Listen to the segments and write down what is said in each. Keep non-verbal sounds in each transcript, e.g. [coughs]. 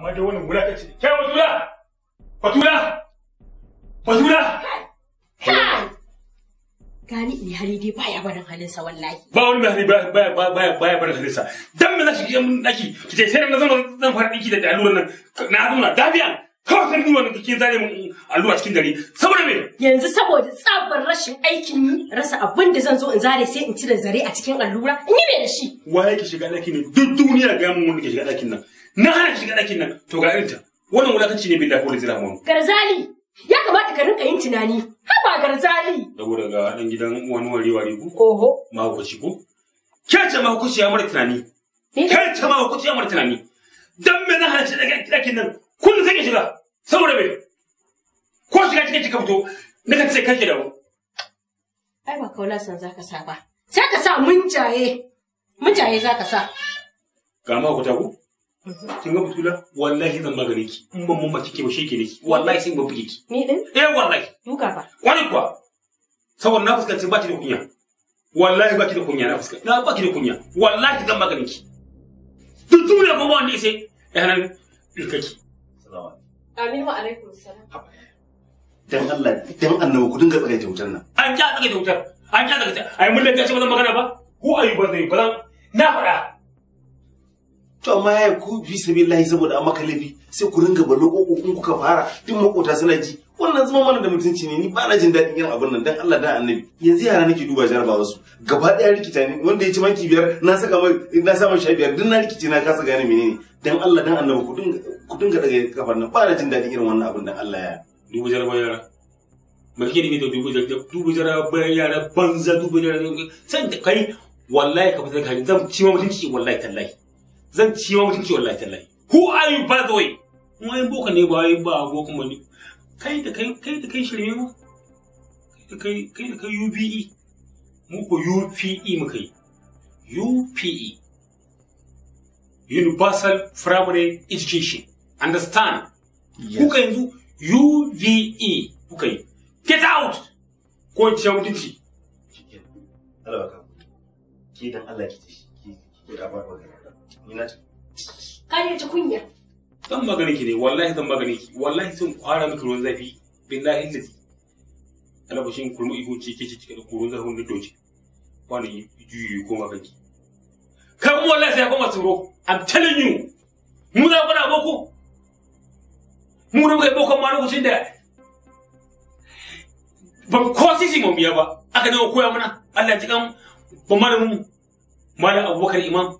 amma dai wannan guda ce kai fatula fatula fatula gani ne hali dai baya barin halinsa wallahi ba wani mai hali baya baya baya barin halinsa dan me zaki yin daki kije sai na zama zan fara dinki da alluran nan na zauna dabiya kawai sai duwa wannan kike zare mun alluwa cikin dare saboda me yanzu saboda tsabar rashin aikin ni rasa abin da zan zo in zare sai in cire zare a cikin allura in yi me da shi waye ki shiga dakin ne duk duniya ga mun wanda ke shiga dakin nan na hana shiga ɗakin nan to ga irinta wannan wulakanci ne billahi wani zira mamu. Garzali ya kamata ka rinka yin tunani haba garzali. Saboda ga ɗan gidan wani wari wari ko. Oho. Mahaukaci ko. Kece ya mara tunani. Kece ya mara tunani. Dan me na hana shiga ɗakin nan kullum zan ka shiga saboda me. Ko shiga cikin cikin fito na ka ce kake dawo. Ai ba kaula san za ka sa ba. Sai ka sa mun jaye za ka sa. Ga ku ko. kin ga butula wallahi zan maganin ki in ban mun mace ke ba sheke niki wallahi sai ban buge ki ni din eh wallahi duka fa wani kuwa saboda na fuskanci baki da kunya wallahi baki da kunya na fuskanci na baki da kunya wallahi zan maganin ki duk duniya ba wanda sai eh nan ilkaki amin wa alaikum salam dan Allah dan annabi ku dinga tsare da wutar nan an ja tsare da wutar an ja tsare da ai mun da kace ba zan magana ba ko ayi ba zai ba na fara to amma ya ku bi sabillahi saboda an maka labi sai ku ringa ballo koko in kuka fara duk makota suna ji wannan zama mana da mutunci ne ni ba na jin daɗin irin abin nan dan Allah dan annabi yanzu yara nake duba jarabawa su gaba ɗaya rikita ne wanda ya ci manki biyar na saka mai na sa mai sha biyar duk na rikice na kasa gane menene dan Allah dan annabi ku dinga ku dinga daga kafar nan ba na jin daɗin irin wannan abin dan Allah ya duba jarabawa yara mulki da to dubu dubu jarabawa yara banza dubu jarabawa san kai wallahi ka fita ka zan ci ma mutunci wallahi tallahi zan ci ma mutunci wallahi tallahi who are you by the way mu ai boka ne ba ai ba boko mu ne kai da kai kai da kai shirme mu kai da kai kai da kai UPE mu ko UPE mu kai UPE Universal Primary Education understand ku kai yanzu UVE ku yi get out ko ci mutunci Allah ka ki dan Allah ki ki ki da ba ni na ka ne ta kunya zan magana ki ne wallahi zan magana ki wallahi sun kwara miki ruwan zafi billahi lazi alabashin kulmu iko ce ke cike da kurun zafin da doki wani juyi koma kanki kan wallahi sai ya koma tsoro i'm telling you mu za ku na boko mu da kai boko ma lokacin da ban ko sisi mu biya ba aka dawo koya mana Allah ya ji kan ba malamin malam Abubakar Imam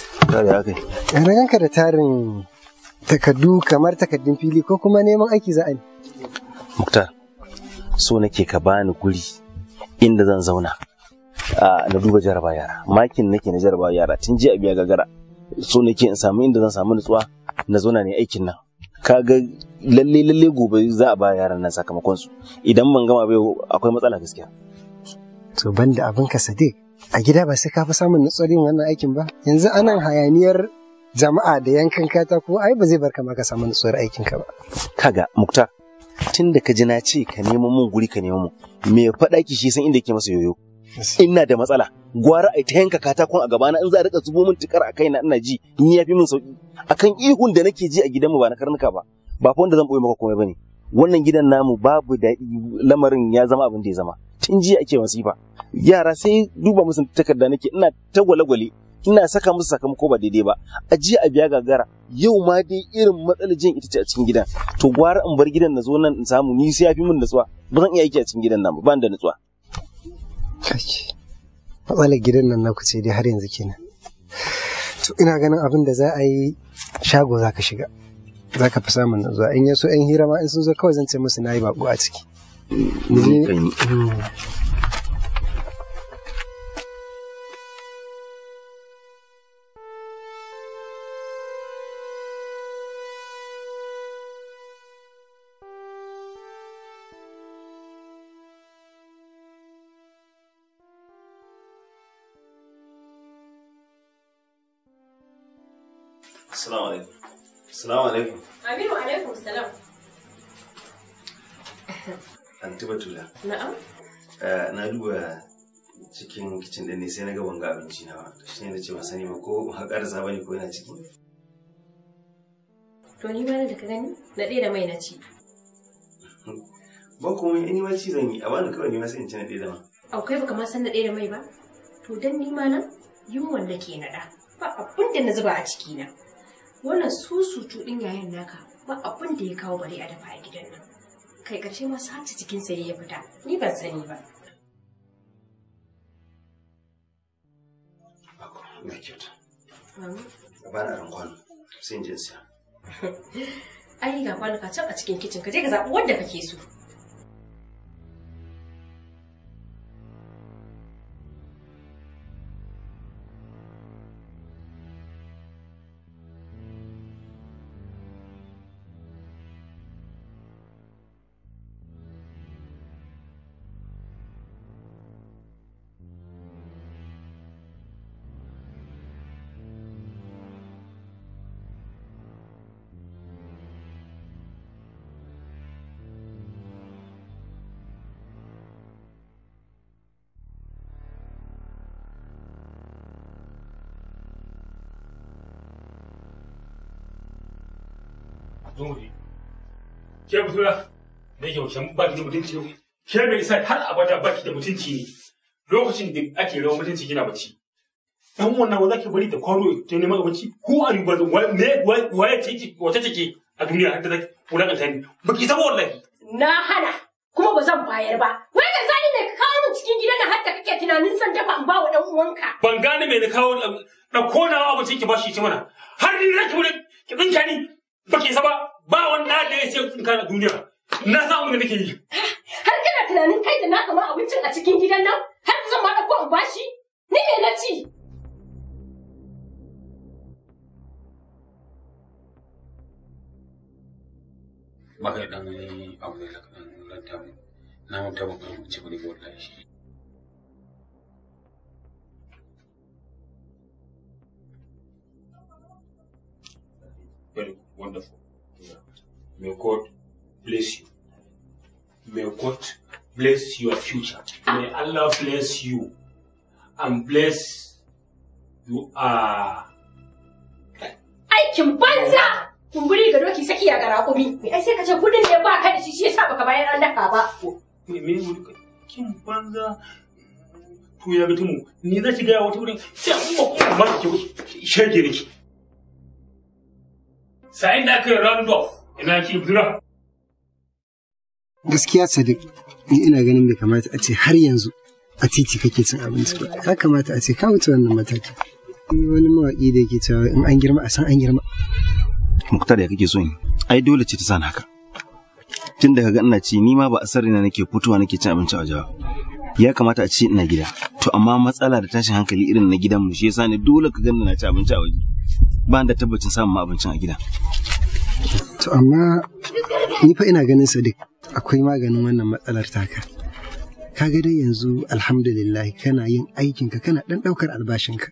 Na ganka da tarin takardu kamar takardun fili ko kuma neman aiki za a yi. Muktar, so nake ka bani guri inda zan zauna. na duba jaraba yara makin nake na jaraba yara tun jiya biya gagara so nake in samu inda zan samu nutsuwa na zauna ne aikin nan kaga lalle lalle gobe za a ba yaran nan sakamakon su idan ban gama bai akwai matsala gaskiya to banda abin ka sadiq a gida ba sai ka fi samun nutsuwar yin wannan aikin ba yanzu anan hayaniyar jama'a da yankan katako ai ba zai bar ka ma ka samu nutsuwar aikin ka ba kaga muktar tun da ka ji na ce ka nemo mun guri ka nemo mu. me faɗa ki shi san inda yake masa yoyo ina da matsala gwara ai ta yanka katakon a gaba na. in za a rika zubo min tikar a kaina ina ji ni fi min sauki akan ihun da nake ji a gidanmu ba na karnuka ba ba fa wanda zan boye maka komai bane wannan gidan namu babu da lamarin ya zama abin da ya zama tun jiya ake wasifa yara sai duba musu takarda nake ina ta gwale-gwale ina saka musu sakamako ba daidai ba a jiya a biya gagara yau ma dai irin matsalar jin ita ce a cikin gidan to gwara in bar gidan na zo nan in samu ni sai yafi min natsuwa ba zan iya aiki a cikin gidan nan ba da natsuwa matsalar gidan nan naku ce dai har yanzu kenan to ina ganin abin da za a yi shago za ka shiga za ka fi samun natsuwa in yaso yan hira ma in sun zo kawai zan ce musu na yi bako a ciki السلام عليكم السلام عليكم امين وعليكم السلام anti batula na'am eh, na duba cikin kicin ɗin ne sai na ga banga abinci na ba shi ne na ce ba sani ba ko haƙar zaba ne ko yana ciki to ni ba da ka gani na ɗaya da mai na ci ba kuma ni ma ci zan yi a bani kawai ni ma sai in ci na ɗaya da ma akwai baka ma san na ɗaya da mai ba to dan ni ma nan yunwan da ke naɗa ba abun da na zuba a ciki na wannan susu cuɗin yayin naka ba abun da ya kawo bari a dafa a gidan nan kai karshe masu hanta cikin sai ya fita ni ban sani ba na kyauta ba na [laughs] ai ga kwano ka can a cikin kicin ka je ka zaɓi wanda kake so Ke butura, da yake wacan da mutunci ne. Ke mai isa har abada baki da mutunci ne. Lokacin da ake rawan mutunci kina bacci. Dan wannan wa zaki bari ta kwano ta neman abinci? Who are you brother? Me waye ce ki wace ce a duniya har da zaki wulakanta ni? Ba ki saba wallahi. Na hana kuma ba zan bayar ba. Wai ka zani ne ka kawo min cikin gidan nan har da kake tunanin san dafa in ba wa dan uwanka. Ban gane me ne kawo ɗauko na abincin ki bashi ci mana. Har ni zaki wulakanta ki tsinka ni baki ki saba. ba wani da ya ce tsinka kana duniya na samu da nake yi har kana tunanin kai da na kama abincin a cikin gidan nan har zan ma dauko in bashi ni me na ci baka dan ne abu da kan ranta mu na mu ba mu ci bane wallahi shi Very wonderful. May God bless you. May God bless your future. May Allah bless you and bless you are. Aikin banza! Kumburi ga doki saki ya gara kumi. Ai sai ka ce kudin ne ba ka da shi shi yasa baka bayar an daka ba. Me me kin banza to ya ga tumu ni za ki ga wata wurin sai mu kuma ba ki shege niki. sa'in da aka yi randolph ina ke bira gaskiya sadiq ni ina ganin bai kamata a ce har yanzu a titi kake cin abinci ba ya kamata a ce ka wuce wannan mataki wani mawaƙi da yake cewa in an girma a san an girma muktar ya kake so yi? ai dole ce ta san haka tun daga ina ci ni ma ba a na nake fitowa nake cin abinci a waje ba ya kamata a ce ina gida to amma matsala da tashin hankali irin na gidan mu shi yasa ne dole ka ganna na ci abinci a waje ba da tabbacin samun abincin a gida. To amma ni fa ina ganin Sadiq akwai maganin wannan matsalar taka. Ka ga dai yanzu alhamdulillah kana yin aikinka kana ɗan ɗaukar albashinka.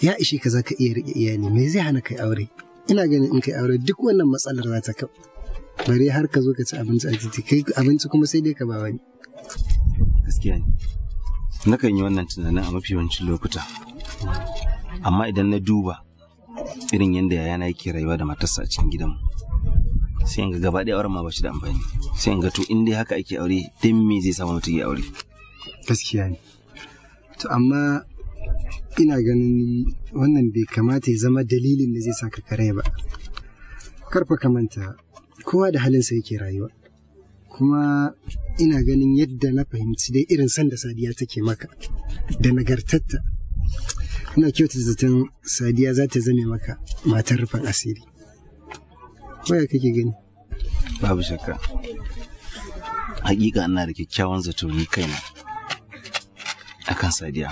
Ya ishe ka za ka iya riƙe iyali me zai hana kai aure? Ina ganin in kai aure duk wannan matsalar za ta kau. Bari har ka zo ka ci abinci a titi kai abinci kuma sai dai ka ba wani. Gaskiya ne. Nakan yi wannan tunanin a mafi yawancin lokuta. amma idan na duba irin yadda yayana yake rayuwa da matarsa a cikin gidanmu sai ga gaba ɗaya auren ma ba shi da amfani sai in ga to in dai haka ake aure dan me zai samu mutum ya aure gaskiya ne to amma ina ganin wannan bai kamata ya zama dalilin da zai sa ka kare ba karfa kamanta kowa da halin halinsa yake rayuwa kuma ina ganin yadda na fahimci dai irin sanda sadiya take maka da nagartatta ina kyauta zaton sadiya za ta zame maka matar rufin asiri waya kake gani babu shakka hakika ina da kyakkyawan zato ni kaina akan sadiya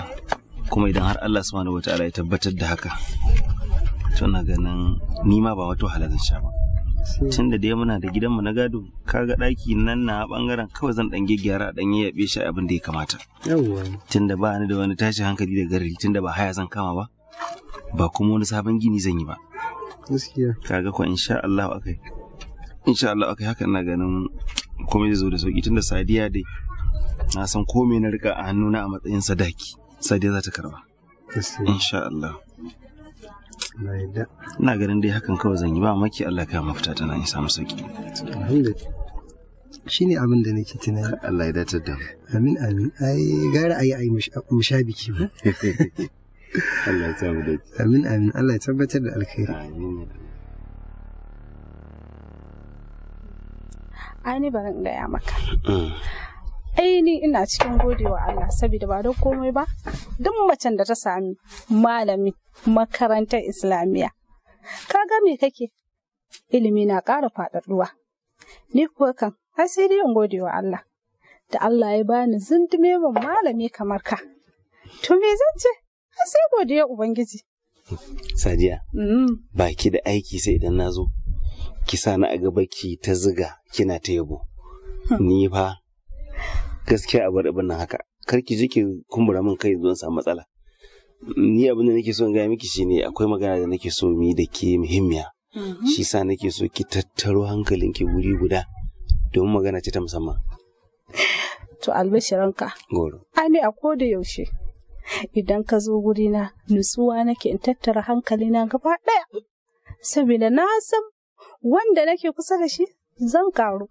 kuma idan har Allah subhanahu wataala ya tabbatar da haka to ina ganin ni ma ba wato halazan sha ba tun da dai muna da gidanmu na gado kaga ɗaki nan na bangaren kawai zan ɗan gyara ɗan yaɓe shi abin da ya kamata tun da ba ni da wani tashin hankali da gari tun da ba haya zan kama ba ba kuma wani sabon gini zan yi ba kaga ko insha Allah akai insha Allah akai haka ina ganin komai zai zo da sauki tun da sadiya dai na san komai na rika a hannuna a matsayin sadaki sadiya za ta karba insha Allah Ina ganin dai hakan kawai zan yi ba maki Allah ka mafita tana in samu sauki. Shi ne abin da nake tunani. Allah ya datar da mu. Amin amin. Ai gara ayi ayi mushabiki biki ba. [laughs] Allah ya samu da Amin amin. Allah ya tabbatar da alkhairi. Amin. Ai ni barin ya maka. Mm. ai ni ina cikin godewa Allah saboda ba don komai ba duk macen da ta sami malami makarantar islamiyya ka ga me kake ilimi na ƙara faɗaɗuwa ni kuwa kan har sai dai in gode wa Allah da Allah ya bani zundume wa malami kamar ka to me zan ce har sai godiya ubangiji sadiya mm. baki da aiki sai idan na zo ki sa na a gaba ki ta ziga kina ta yabo hmm. ni fa gaskiya a bar nan haka kar ki ji ki kumbura min kai zuwa samu matsala ni abin da nake so in gaya miki ne akwai magana da nake so mu yi da ke muhimmiya mm-hmm. shi sa nake so ki tattaro hankalin ki guri guda domin magana ce ta musamman [laughs] to albashiranka goro ani a koda yaushe idan ka zo na nutsuwa nake in tattara hankalina gaba gabaɗaya saboda na san wanda nake kusa da shi zan karu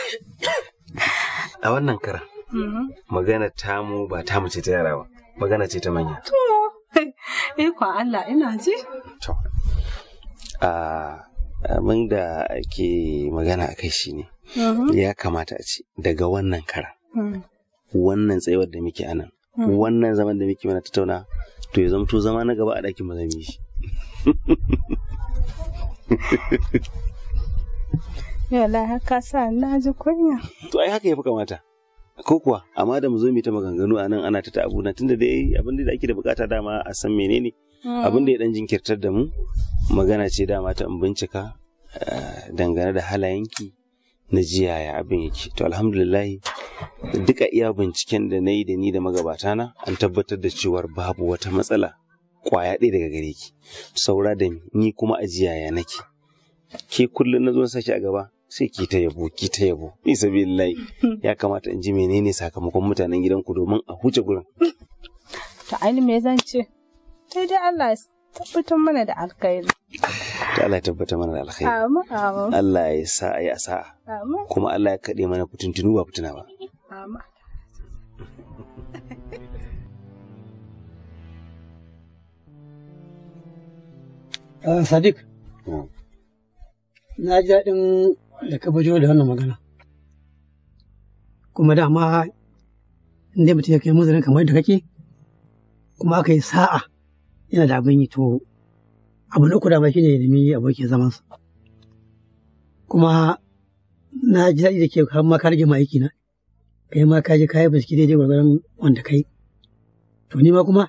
[laughs] a wannan kara mm-hmm. magana tamu ba tamu ce ta yara ba magana ce ta manya. To, eh kwa Allah ina ji. To, a abin da ke magana a kai shi ne, mm-hmm. ya kamata a ce daga wannan kara, mm. wannan tsayuwar da muke anan, mm. wannan zaman da muke mana tattauna, to ya zamto zama na gaba a ɗakin mu zami shi. Yalla haka sa na ji kunya. To ai haka ya fi kamata. ko kuwa amma da mu zo mu ta maganganu a nan ana ta abuna na tunda dai abin da ake da bukata dama a san menene hmm. abin da ya dan jinkirtar da mu magana ce dama ta in bincika eh, dangane da halayenki na jiyaya abin yake to alhamdulillah duka iya binciken da na yi da ni da magabata na an tabbatar da cewa babu wata matsala kwaya ɗaya daga gare ki saura da ni kuma a jiyaya nake ke kullum na zo na sashi a gaba sai ki ta yabo ki ta yabo ni ya kamata in ji menene sakamakon mutanen gidan ku domin a huce gurin to ai me zan ce sai dai Allah ya tabbatar mana da alkhairi to Allah ya tabbatar mana da alkhairi amin amin Allah ya sa ayi asa amin kuma Allah ya kade mana fitintunu ba fitina ba amin [laughs] uh, Sadiq, hmm. na ji daɗin da ka bajo da wannan magana kuma dama inda mutum ya kai mazarin kamar da kake kuma aka yi sa'a yana da abin yi to abu na uku dama shi ne ya nemi abokin su kuma na ji daɗi da ke har ma ka rage ma aiki na kai ma ka je ka yi bincike daidai gwargwaron wanda kai to ni ma kuma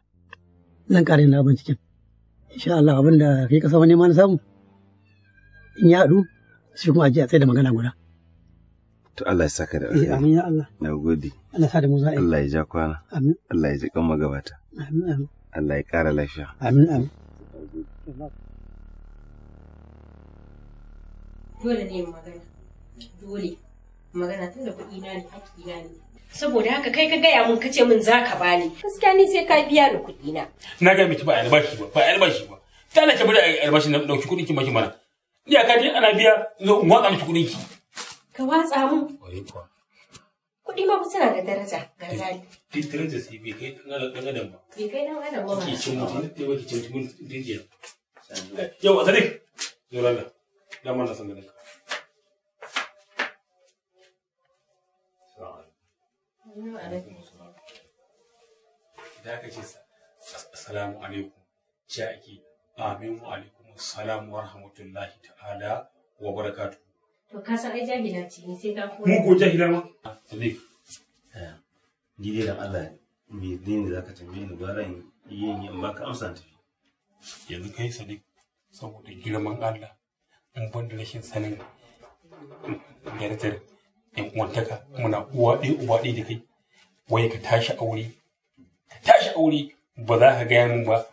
zan ƙara yin na binciken insha Allah abin da kai kasa samu ma na samu in ya haɗu shi kuma ajiya tsaye da magana guda. To Allah ya saka da alheri. Eh, amin ya Allah. Na gode. Allah sa da mu za'a. Allah ya ja kwana. Amin. Allah ya ji kan magabata. Amin amin. Allah ya kara lafiya. Amin amin. Dole ne magana. Dole. Magana tun da kuɗi na ne haƙƙi na ne. Saboda haka kai ka gaya mun kace min za ka bani. Gaskiya ni sai ka biya ni kuɗi na. Na ga miki ba albashi ba ba albashi ba. Tana ce bari albashi na ɗauki kuɗin ki maki mana. iyaka dai ana biya zo in watsa miki kuɗin ki ka watsa mun kuɗi ma ba suna da daraja garzali duk daraja sai bai kai dan adam ba bai kai dan adam ba ki cin mutum ne ba ki cin mutum dinjiya yau azadik zo lalla da mana san da ka da ka ce assalamu alaikum ci ake amin wa alaikum assalamu wa ta'ala wa barakatuh. To ka san ai jahila ce ni sai ka koya. Mu ko jahila ma? Sadiq. Eh, ni dai dan Allah me dai zaka tambaye ni ran yi ni amma ka amsa ta. Yanzu kai Sadiq saboda girman Allah in ban da rashin sanin darajar yan uwantaka muna uwa ɗaya uwa ɗaya da kai wai ka tashi aure ka tashi aure ba za ka gaya min ba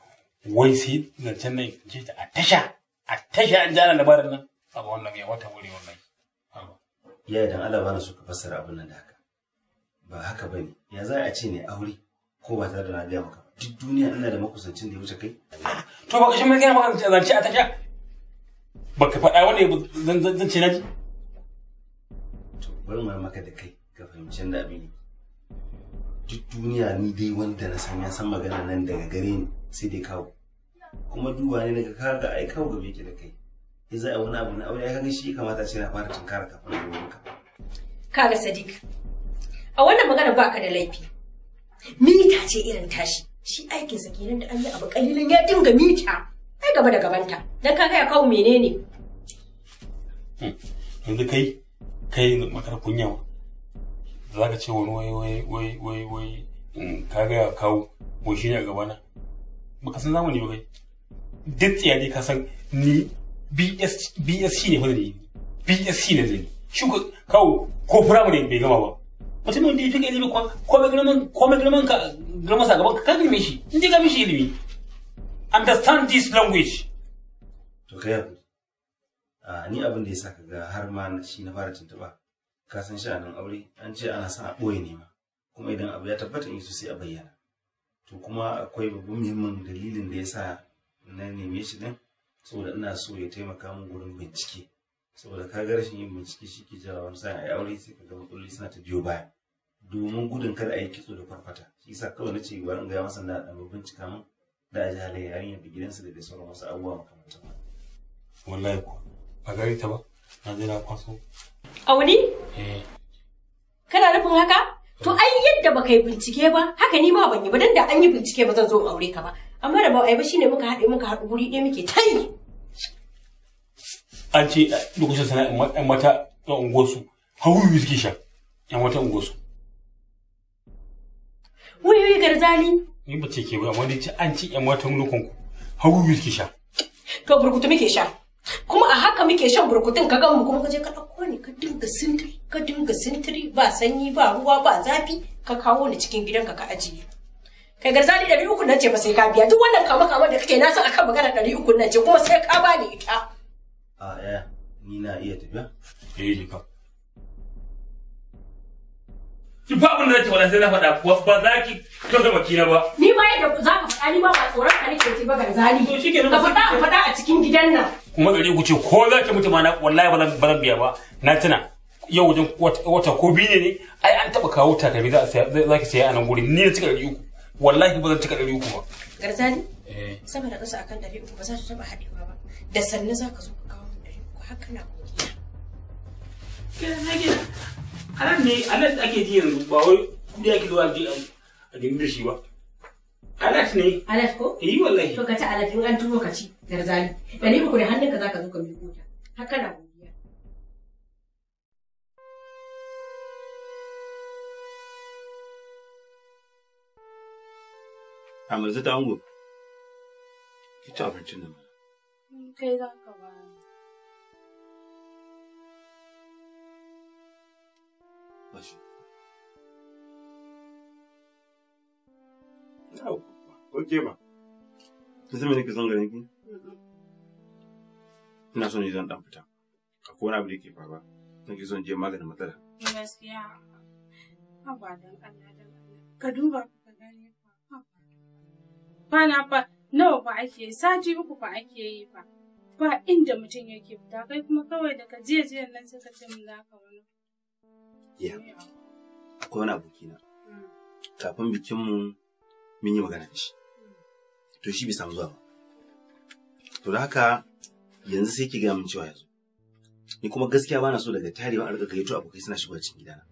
wai sai zancen nan ce ta a tasha a tasha an jana labarin nan abu wannan ya wata wuri wannan ya idan Allah bana so ka fassara abin nan da haka ba haka bane ya za a ce ne aure ko ba tare da na ga maka duk duniya ina da makusancin da ya wuce kai to ba kashin mai gaya maka zance a tasha ba ka faɗa wani zance na ji to bari mu maka da kai ka fahimci da abin duk duniya ni dai wanda na san ya san magana nan daga gare ni sai dai kawo kuma duba ne daga kaga ai kawo gabe ki da kai ya za a wani abu na aure kaga shi kamata ce na fara tunkara kafin a ka kaga sadiq a wannan magana baka da laifi mita ce irin tashi shi aikin sa kenan da an yi abu kalilan ya dinga mita ai gaba da gabanta dan kaga ya kawo menene hmm. yanzu kai kai makar kunya za ka ce wani wai wai wai wai wai hmm, ka ya kawo ko shi ne a gabana baka san zamani ba kai duk tsiyari ka san ni shi ne wanda ne shi ne zai shi ko kawo ko firamare bai gama ba mutum wanda ya fi ilimi ko mai girman ko mai girman ka girman sa gaban ka girme shi in ka mishi ilimi understand this language to kai a ni abin da ya saka ga har ma shi na fara tuntuba ka san nan aure an ce ana son a ɓoye ne ma kuma idan abu ya tabbata in yi sai a bayyana to kuma akwai babban muhimmin dalilin da ya sa na neme shi din saboda ina so ya taimaka min gurin bincike saboda ka ga rashin yin bincike shi ke jawo wani sa'a a aure sai ka ga matsaloli suna ta biyo baya domin gudun kada a yi kitso da farfata shi yasa kawai na ce bari in gaya masa na ɗan bincika min da a ji halayen yarinyar da gidansa da dai sauran wasu abubuwa ba. wallahi ko ba gari ta ba na je na kwaso auni eh kana nufin haka To ai yadda baka yi bincike ba, haka ni ma ban yi ba dan da an yi bincike ba zan zo aure ka ba. Amma da ba ai ba shine muka haɗe muka haɗu guri ɗaya muke tayi. An ce eh, lokacin sana ƴan mata na unguwarsu, hawuyu suke sha ƴan mata unguwarsu. Wuyoyi garzali. Ni ba ce ke ba, amma dai an ce ƴan mata lokanku, hawuyu suke sha. To burkutu muke sha. Kuma a haka muke shan burkutun ka gan mu kuma ka je ka ɗauko ne ka dinga sindiri. ka dinga sintiri ba sanyi ba ruwa ba zafi ka kawo ni cikin gidanka ka ajiye kai garzali ɗari uku nan ce ba sai ka biya duk wannan kama kama da kake na san akan magana ɗari uku nan ce kuma sai ka bani ita a eh ni na iya tafiya eh ni ka ki ba mun da nake wala sai na faɗa ba za ki kyauta baki na ba ni ma yadda za ka faɗa ni ma ba tsoron ka nake ji ba garzali to shikenan ka faɗa ka faɗa a cikin gidan nan kuma ɗari uku ce ko za ki mutu ma na wallahi ba zan biya ba na tuna yau wajen wata ko biyu ne ai an taba kawo takalmi za ki saya a nan gurin ni na cika ɗari uku wallahi ba zan cika ɗari uku ba. Garzani? Eh. Sama da ƙasa akan ɗari uku ba za ta taɓa haɗewa ba da sannu za ka zo ka kawo ɗari uku haka na godiya. A nan ne a nan ake ji yanzu ba wai kuɗi ake zuwa ji a gindin da shi ba. Alat ne. Alat ko? Eh wallahi. To ka ci alat in an tuwo ka ci garzani. Ɗari uku da ka za ka zo ka miƙo ta. Haka na godiya. Kamar ta ango. Ki ci abincin nan. Kai son ki? Ina son zan dan fita. Akwai wani da yake faruwa. Nake son je maganin matsala. Gaskiya. Haba dan Allah Ka duba kwana fa nawa fa ake yi sati uku fa ake yi fa ba inda mutum yake fita kai kuma kawai daga jiya jiyan nan sai ka ce mun za ka wani. Ya, akwai wani aboki na. Hmm. Kafin bikin mu mun yi magana da shi. Hmm. To shi bai samu zuwa ba. To da haka yanzu sai ki gaya min cewa yanzu Ni kuma gaskiya bana so daga tarewa a rika gayyato abokai suna shigowa cikin gidana.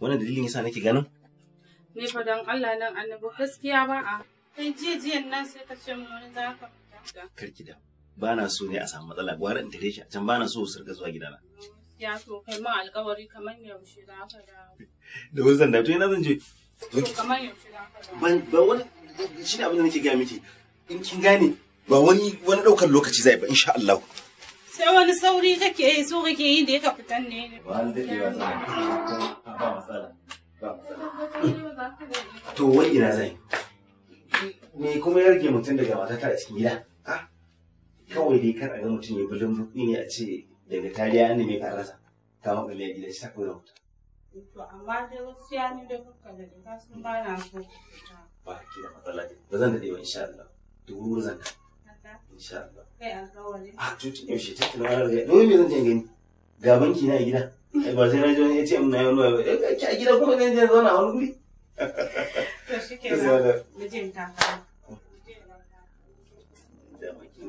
Wannan dalilin yasa nake ganin? ne fa dan Allah nan annabi gaskiya ba a Kai jiya jiyan nan sai ka ce mun wani fita. Karki da ba na so ne a samu matsala gwara in tare shi can ba na so su rika zuwa gidana. Ya to kai ma alƙawari kamar yaushe za ka dawo. Da wani da to ina zan je. To kamar yaushe za ka dawo. Ba wani shi ne abin da nake gaya miki in kin gane ba wani wani daukar lokaci zai ba insha Allah. sai wani sauri kake yi so kake yi da yaka fitan ne wani dade ba matsala ba matsala to wai ina zai me kuma ya rage mutum daga matata a cikin gida kawai dai kar a ga mutum ya bulin buɗi ne a ce daga tariya ne mai rasa ta makale a gida shi ta wuta. To amma dai wasu ya ni da kuka da ba na so. Ba ki da matsala ba zan daɗe ba insha Allah dubu ruwa zan Insha Allah. Kai wani A tutun yaushe ta tuna wani riga wani me zan je gani gaban banki na a gida. Ai ba sai na ji wani ya ce min na yi wani ba eh, ki a gida kuma zan zauna a wani guri. To shi ke mijin ta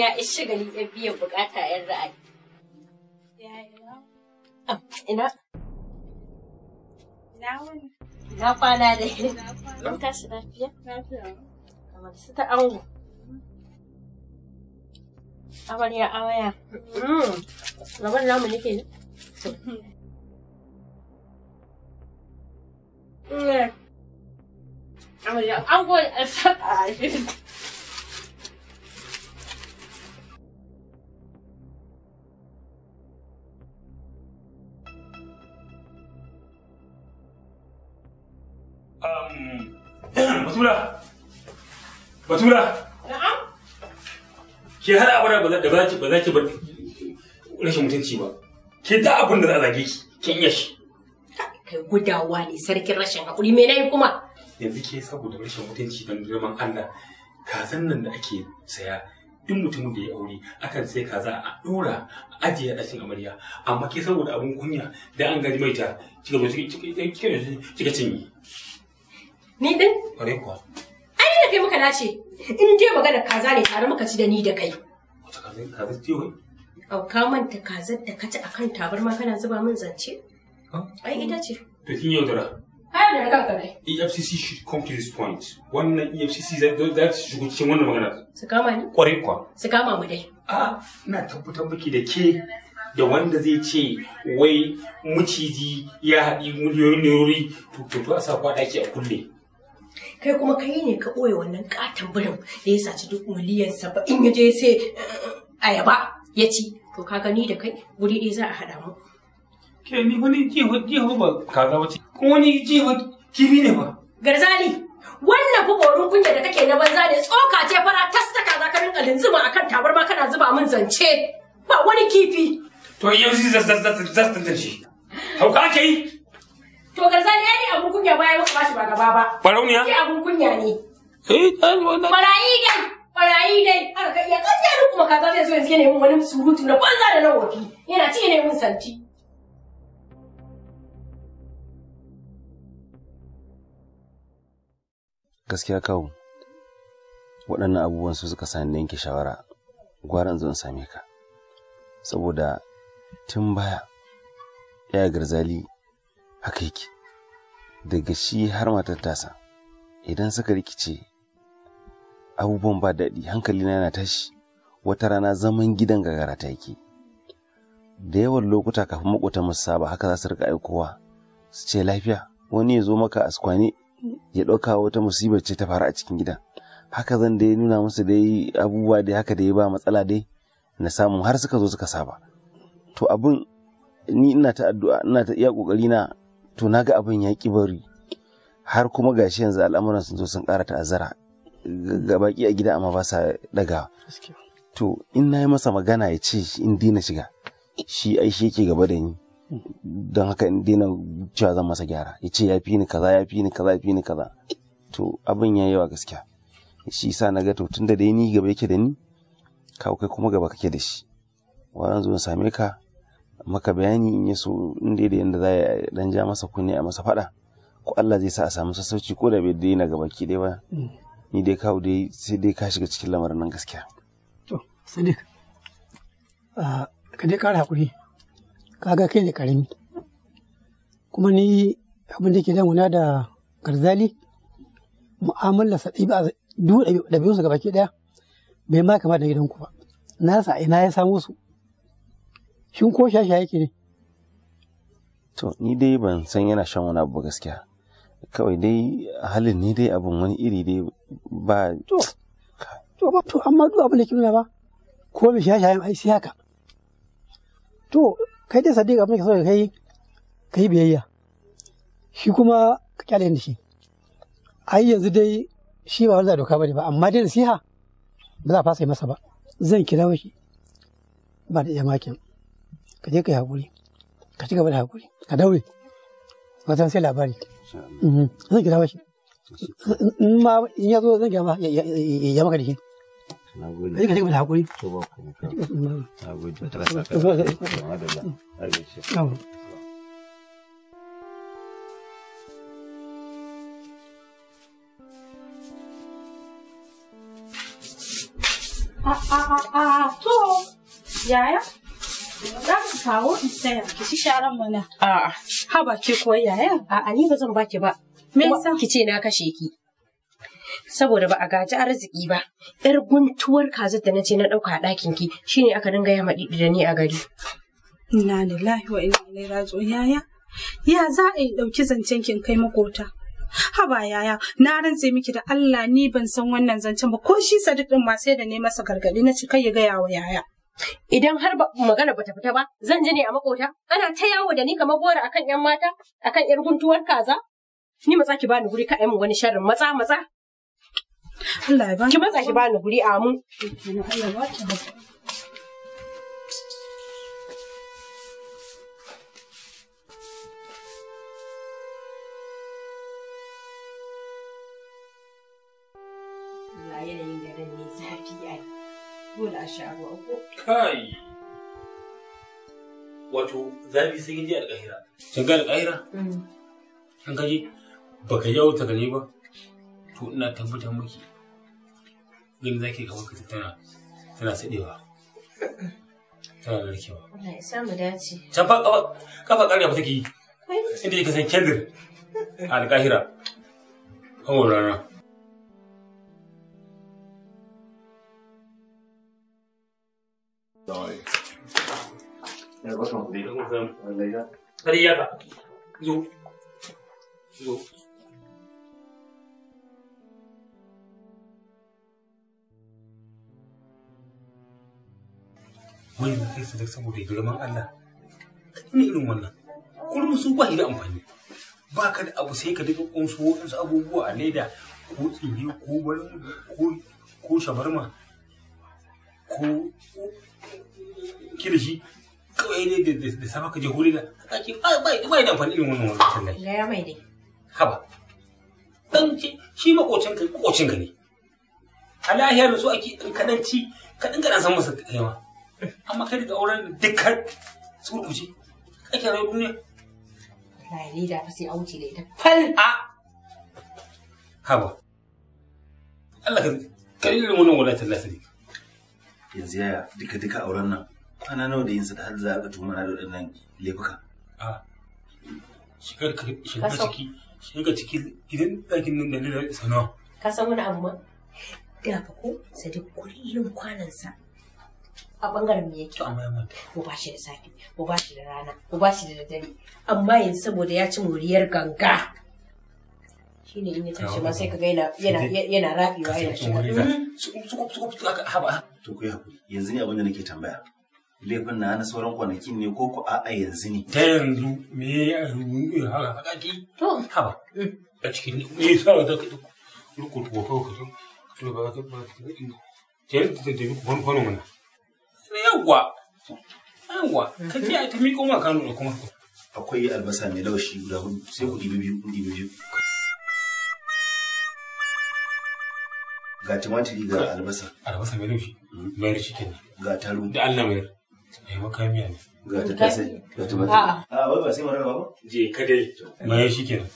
ya ishe gari ya biyan bukata yan ra'ayi. Ina? Na kwana da tashi lafiya? Lafiya. Kamar su ta ango. Amarya mm. namu nake ne? Amarya ango a a Batura. Na'am. Ke har abada ba za ki ba za ki bar rashin mutunci ba. Ki da abin da za a zage ki kin yi shi. Kai gudawa ne sarkin rashin hakuri me nayi kuma? Yanzu ke saboda rashin mutunci don girman Allah kazan nan da ake saya duk mutumin da ya aure akan sai kaza a dora a ajiye a cikin amarya amma ke saboda abun kunya da an gaji mai ta kika kika cinye. Ni din? Kware kuwa. da kai muka dace in dai magana kaza ne tare muka ci da ni da kai wata kaza kaza ka manta kazar da kaci akan tabarma kana zuba min zance ai ita ce to kin dara. har da kanka dai. EFCC should come to this point wannan EFCC za su shigo cikin wannan magana su kama ni kwarai kwa su kama mu dai a ina tabbatar miki da ke da wanda zai ce wai muciji ya haɗi miliyoyin nerori to to a sa kwa ɗaki a kulle kai kuma kai ne ka ɓoye wannan katon birin da ya saci duk miliyan saba'in ya je sai ayaba ya ci to ka gani da kai guri ɗaya za a haɗa mu. ke ni wani jiwa jiwa ba kaza wace ko wani jiwa kibi ne ba. garzali wannan fa kunya da kake na banza ne tsoka ce fara tas ta kaza ka rinka linzuma akan tabarma kana zuba min zance ba wani kifi. to yanzu zan ke To garzali ai abun kunya baya maka bashi ba gaba ba. Barauniya? Ki abun kunya ne. Eh, dan wannan. Barayi dai, barayi dai. Haka ka iya kaje ni kuma kaza zai so yanzu yana yin wani surutu na banza da na wofi. Yana ci ne mun santi. Gaskiya kawo. Waɗannan abubuwan su suka sani yanke shawara. Gwaran zan same ka. Saboda tun baya ya garzali haka yake daga shi har matar tasa idan suka rikice abubuwan ba daɗi hankalina yana tashi wata rana zaman gidan gagara ta yake da yawan lokuta kafin makwata masu saba haka za su rika aikowa su ce lafiya wani ya zo maka a sukwane ya ɗauka wata musibar ce ta faru a cikin gidan haka zan dai nuna musu dai abubuwa dai haka dai ba matsala dai na samu har suka zo suka saba to abin ni ina ta addu'a ina ta iya kokari na to na ga abin ya bari har kuma gashi yanzu al'amuran sun zo sun ƙara ta'azzara ga baki a gida amma ba sa daga to in na yi masa magana ya ce in dina shiga shi ai shi yake gaba da ni don haka in dina cewa zan masa gyara ya ce ya fi ni kaza ya fi ni kaza ya fi ni kaza to abin ya yi wa gaskiya shi sa na ga to tun dai ni gaba yake da ni kawo kai kuma gaba kake da shi wa yanzu in same ka maka bayani in ya so in dai da yanda za a dan ja masa kunne a masa fada ko Allah zai sa a samu sassauci ko da bai daina gaba ki dai ba mm. ni dai kawo dai sai dai ka shiga cikin lamarin nan gaskiya to sadiq ka dai kara hakuri kaga kai ne karami kuma ni abin da ke damuna da garzali biyu su gaba gabaki daya bai ma kama da gidanku ba na sa ina ya samu su shin ko shasha yake ne to ni dai ban san yana shan wani abu gaskiya kawai dai halin ni dai abun wani iri dai ba to ba to amma duk abin da nuna ba ko mai shasha yin ai sai haka to kai dai sadiq abin ka kake so kai kai biyayya shi kuma ka kyale da shi ai yanzu dai shi ba wanda doka bane ba amma dai nasiha ba za a fasa masa ba zan kira shi ba da iya ka je ka yi hakuri ka ci gaba da hakuri ka daure wata sai labari mhm. zan kira mashi in ma in ya zo zan kira ma ya maka da ka ci gaba da mhm. a a a'a, to, yaya? Za ku kawo in saya ki ci sharan mana. A'a. Ha ba ke kuwa yaya? A'a ni ba zan baki ba. Me yasa? Ki ce na kashe ki. Saboda ba a gaji arziki ba, ‘yar guntuwar kazar da na ce na ɗauka a ɗakin ki shine aka dinga ya maɗiɗi da ni a gari. Ina lillahi wa ina ilaihi raji'un yaya. Ya za a yi ɗauki zancen kin kai makota? haba yaya na rantse miki da Allah ni ban san wannan zancen ba ko shi Sadiq ɗin ma sai da ne masa gargaɗi na ci kai ya gaya wa yaya Idan har magana bata fita ba, zan ji ne a makota. Ana ta yawo da ni kamar bora akan 'yan mata, akan 'yar guntuwar kaza. Ni matsa ki bani guri ka mu wani sharrin matsa matsa. Allah ya bani. Ki matsa ki bani guri a mu. Allah ya bani. yanayin garin ne Dole a sha ruwa ko? Kai! Wato, zafi sai kin je alƙahira. Kin ga alƙahira? Kin mm. ga je, baka ta gani ba, to ina tabbatar miki gani za ki gaba ka tana tana saɗewa. Tana narkewa. Allah ya samu dace. Can fa kafa ƙarya ba take yi. Inda kika san kendir a alƙahira. wani rana. Я пошел. Рията. Zo. Zo. Wani da kai sadar saboda girman Allah. Ni irin wannan. Kurmi su ba da amfani. Ba ka da abu sai ka daga kunsu waɗansu abubuwa a leda ko tsiri ko barin ko shabarma ko kirishi kawai ne da sama ka je huri da ba bai bai da amfani irin wannan wannan nan ya mai dai haba dan ce shi makocin ka makocin ka ne a lahiyar su ake in ka dan ci ka dinga dan san masa kaiwa amma kai da auren dukkan duje kake rayuwar duniya wallahi da fa sai a wuce da ita fal a haba Allah ka kalilin wannan wadatar lafiya yanzu yaya duka duka auren nan kwana nawa da yinsa da har za a tuhuma na da waɗannan laifuka. Shigar ciki, shigar ciki gidan ɗakin nan da ne da Ka san wani abu ma? Da fa ko sadiq kullum sa a bangaren mu yake. Amma ya mata ko ba shi da safe, ko ba shi da rana, ko ba shi da dare. Amma yanzu saboda ya ci moriyar ganga. Shi ne in ya tashi ma sai ka ga yana yana rafiwa yana shiga. Su kuma su kuma haba. To ku yi hakuri. Yanzu ne abin da nake tambaya. laifin na na sauran kwanakin ne ko ku a yanzu ne. Ta yanzu me ya yi haka haka ki? To. Haba. Mm. A cikin ne, me ya sa wata ka ruku ruku ko ka kasu, to ba ka ba ka inda. Ta yanzu ta tafi kwan kwano mana. Yawwa. Yawwa. Mm-hmm. Ka ce a ta miƙo ma kano da kuma. Akwai albasa mai laushi guda hudu sai ku ɗibi biyu ku ɗibi biyu. Ga tumatiri ga albasa. Albasa mai laushi. Mm. Mayar shi kenan. Ga taru. Da Allah mayar. Eh makamiya ne. Ga ta ta ga ta mata. A wai ba sai mara ba. Je ka dai. Eh, shi kenan.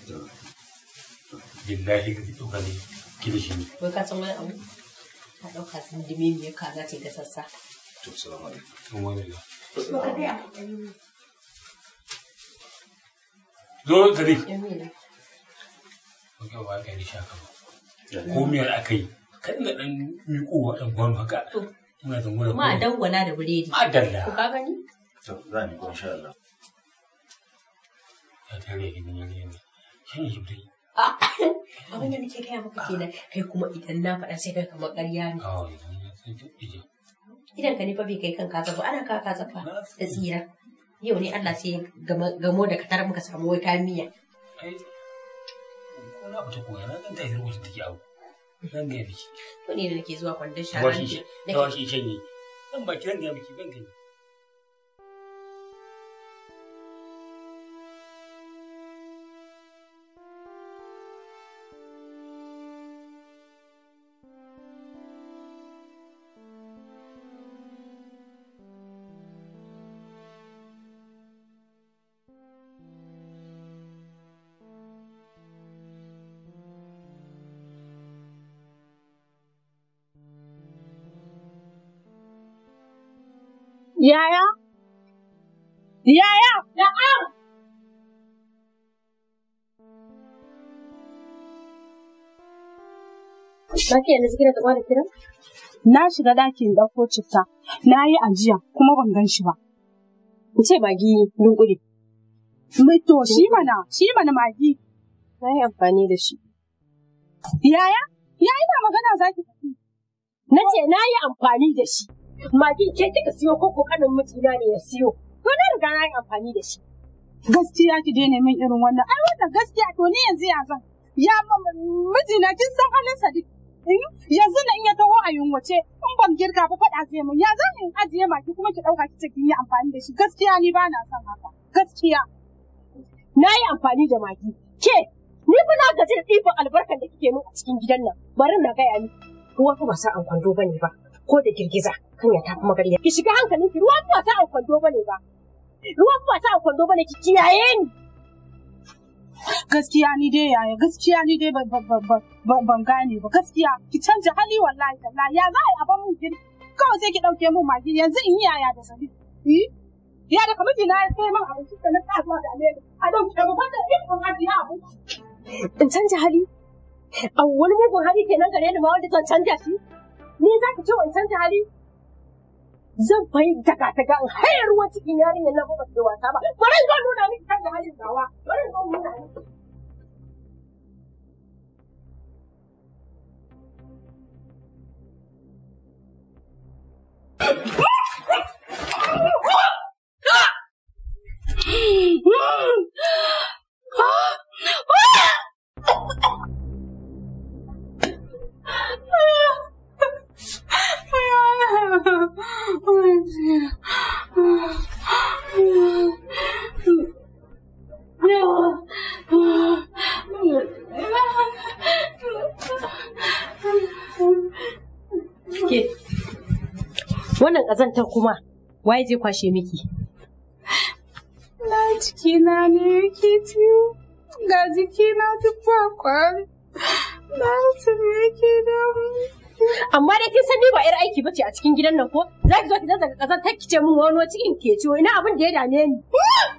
Billahi ne shi ne. Wai ka san wani abu? Ka sun dimi ka za ta To salamu alaikum. Ka dai a kokari. Ka ba ka yi shaka ba. Ko miyar akai. Kan gwanu haka. Kuma a dangwana da biredi. Madalla. Ku ka gani? To, za mu ko insha Allah. tare ne. Shi ah, [laughs] nake maka kenan kai kuma idan na faɗa sai kai kamar ƙarya ne. Oh, idan ka ne fa bai kai kan kaza ana ka kaza fa da tsira. Yau ne Allah sai gamo da katar muka samu wata miya. Ai, ko na koya na zan ta yi take abu. Zan gaya miki. Kuɗi da nake zuwa kwandon shara. Tawashi, tawashi can yi. Zan baki zan gaya miki, zan Yaya? Yaya? Na'am. Baki yanzu kira da kiran? Na shiga ɗakin ɗauko citta, na yi ajiya kuma ban gan shi ba. Ku ce magi dunƙuri. Mito shi mana, shi mana magi. Na yi amfani da shi. Yaya? Ya ina magana zaki tafi. Na ce na yi amfani da shi. Magin ke kika siyo ko kanin mijina ne ya siyo. To na riga na yi amfani da shi. Gaskiya ki daina min irin wannan. Ai wannan gaskiya to ni yanzu ya zan. Ya mijina kin san halin sa eh, Yanzu na in ya taho a yunwace in ban girka ba faɗa zai mun. Ya zan in ajiye maki kuma ki ɗauka ki ce kin yi amfani da shi. Gaskiya ni ba na son haka. Gaskiya. Na yi amfani da magi. Ke ni fa na gaji da ɗifin albarkar da kike min a cikin gidan nan. Bari na gaya ni. Ruwa fa ba sa an kwando bane ba. ko da girgiza kan ta kuma gariya ki shiga hankalin ki ruwan wasa a kwando bane ba ruwan wasa a kwando bane ki kiyaye ni gaskiya ni dai yaya gaskiya ni dai ban gane ba gaskiya ki canja hali wallahi wallahi ya za a ban mun girki kawai sai ki dauke mun magi yanzu in yi yaya da sabi ya da kamar na ya sai man abinci da na sa zuwa da ne a don ke babban da in kun haji ya abu in canja hali a wani mugun hali kenan gare ni ma wanda zan canja shi Ni za ka ce wancan ta hali? Zan fahimta taga-taga in hayar ruwan cikin yarinyar na ba ta wasa ba. Bari zo nuna miki kan da halin nawa. Bari zo nuna miki. Ta kuma waye zai kwashe miki na jikina ne yake ciwo ga na duk ba kwari na rasa me yake amma dai kin san ni ba yar aiki bace a cikin gidan nan ko zaki ki zo ki zazzaka kazan ki ce min wani cikin ke ciwo ina abin da ya dame ni [laughs]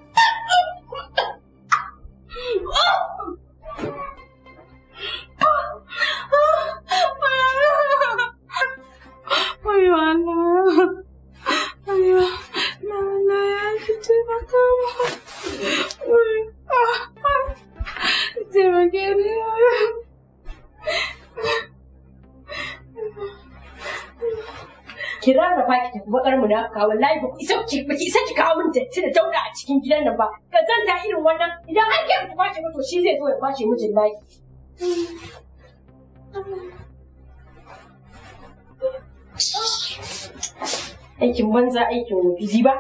haka wallahi ba ku isa ki ba ki isa ki kawo min datti da dauda a cikin gidan nan ba ka zanta irin wannan idan har ke ku kwace ba to shi zai zo ya kwace mijin naki aikin banza aikin wofi ba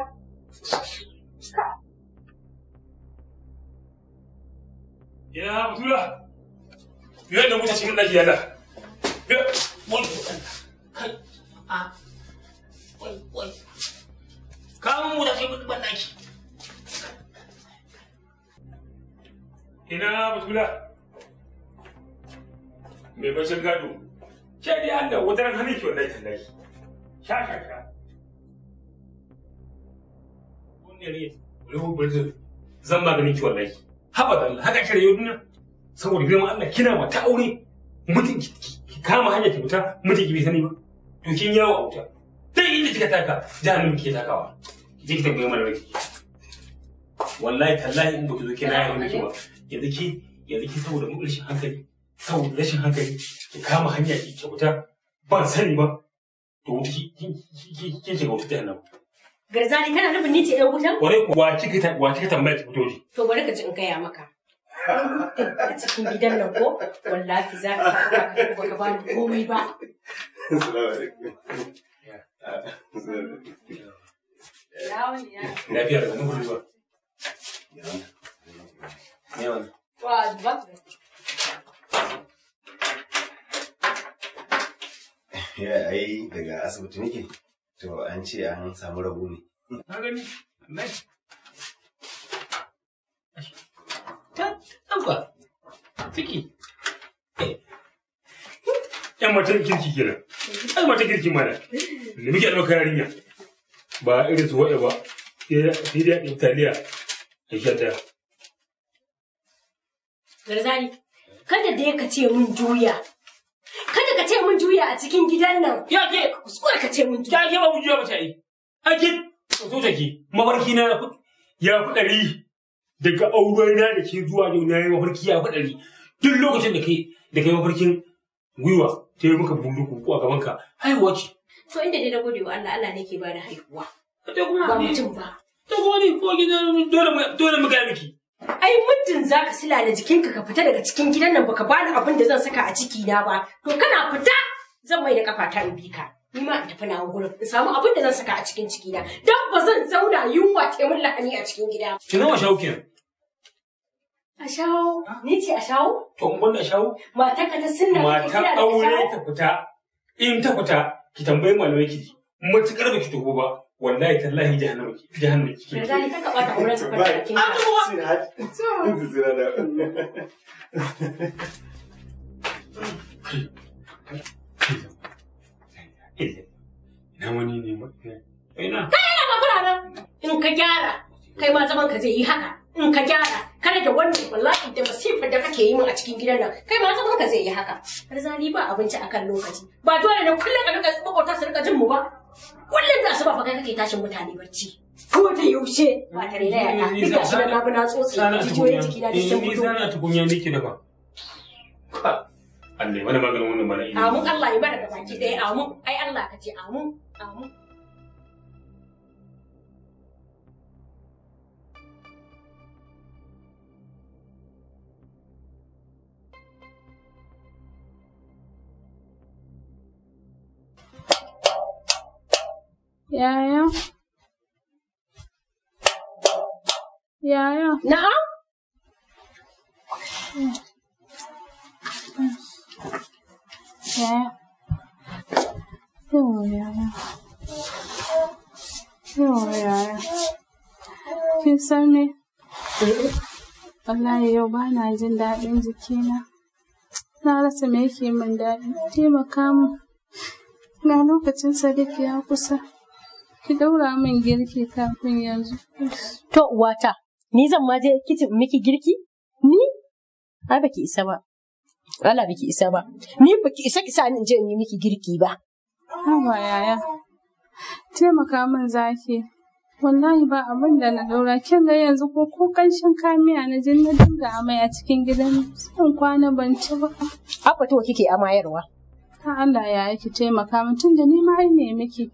Ya Abdullah, biyar da mutu cikin ɗaki yana. Biyar, wani, kai, a, kamun mu da sai mu ban daki ina basula mai bacin gado ke dai an da wutar hannun ki wallahi tallahi sha sha sha wanda ne ruhu birzu zan maganin ki wallahi haba da haka kare yau duniya saboda girman Allah kina ma ta aure mutum ki kama hanya ki fita mutum ki bi sani ba to kin yawo a wuta dai inda kika taka jahannam ke takawa je ki tambaye mana wallahi tallahi in baki zo kina yayin miki ba ya zaki ya zaki saboda mu rashin hankali saboda rashin hankali ki kama hanya ki kyauta ban sani ba to wuta ki ki ki ki wuta ta nan garzani kana nufin ni ce ɗan wutan kwarai wa kika ta wa kika tambaya ki fito ji to bari ka ji in gaya maka a cikin gidan nan ko wallahi za ka ba ka bani komai ba assalamu alaikum لا بيرد مو بالجوع يلا واد بطني ya ai daga asibiti nake to an ce an samu rabu ne ta ɗauka ciki eh. yan matan kirki kenan ai matan kirki mana da muke ba irin su waɗa ba sai dai ɗin taliya a shan da. Garzani, kada dai ka ce mun juya. Kada ka ce mun juya a cikin gidan nan. Ya ke kuskure ka ce mun juya. Ya ke ba mun juya mace ai. Ake so take mafarki na ya fi ɗari daga auren na da ke zuwa yau na yi mafarki ya fi ɗari. Duk lokacin da ke da mafarkin gwiwa ta yi maka buluku ko a gaban ka haihuwa ce. to inda dai na gode wa Allah Allah ne ke bada haihuwa ba mutum ba ta kuma ni ko gidan dole dole mu ga miki ai muddin zaka silale jikinka ka fita daga cikin gidan nan baka bani abin da zan saka a ciki na ba to kana fita zan mai da kafata in bi ka ni ma in tafi nawa gurin in samu abin da zan saka a cikin ciki na dan ba zan zauna yunwa ta lahani a cikin gida ki nawa shawo kenan a shawo ni ce a shawo to mun a shawo Mata ka ta sunna Mata aure ta fita in ta fita ki tambayi malamai ki matukar ba ki tuhu ba wallahi tallahi jahannama ki jahannama ki ke zali ka kaba ta aure su ba ki a zira da ina wani ne ma ina kai yana magana in ka gyara kai ma zaman ka zai yi haka in ka gyara kada da wannan wallahi da masifar da kake yi min a cikin gidan nan kai ma zaman ka zai yi haka har zali ba abinci akan lokaci ba dole ne kullum a rika makota su rika jin mu ba kullum da asuba ba kai kake tashin mutane bacci ko da yaushe ba tare da yaya duka shi da na tsotsi jijiyoyin jiki na da eh, sun fito ni zana tukunya miki da ba Allah ya mana maganin wannan bala'i amin Allah ya bada da ɗaya amin ai Allah ka ce amin amin Yaya? Yaya? Na'am? Yaya? Yawa yaya. Yawa yaya. Kin san me? Wallahi yau ba na jin daɗin jikina. Na rasa me yake min daɗi. Taimaka min. Na lokacin sadiki ya kusa. ki daura min girki kafin yanzu. To wata, ni zan ma je kicin miki girki? Ni? Ai baki isa ba. Allah baki isa ba. Ni baki isa ki sani je in yi miki girki ba. ba yaya. Taimaka min zaki. Wallahi ba abin da na daura kin ga yanzu ko ko kanshin kamiya na jin na dinga amai a cikin gidan sun kwana ban ci ba. Abba to kike amayarwa. Ta Allah yaya ki taimaka min tunda ni ma ai ne miki.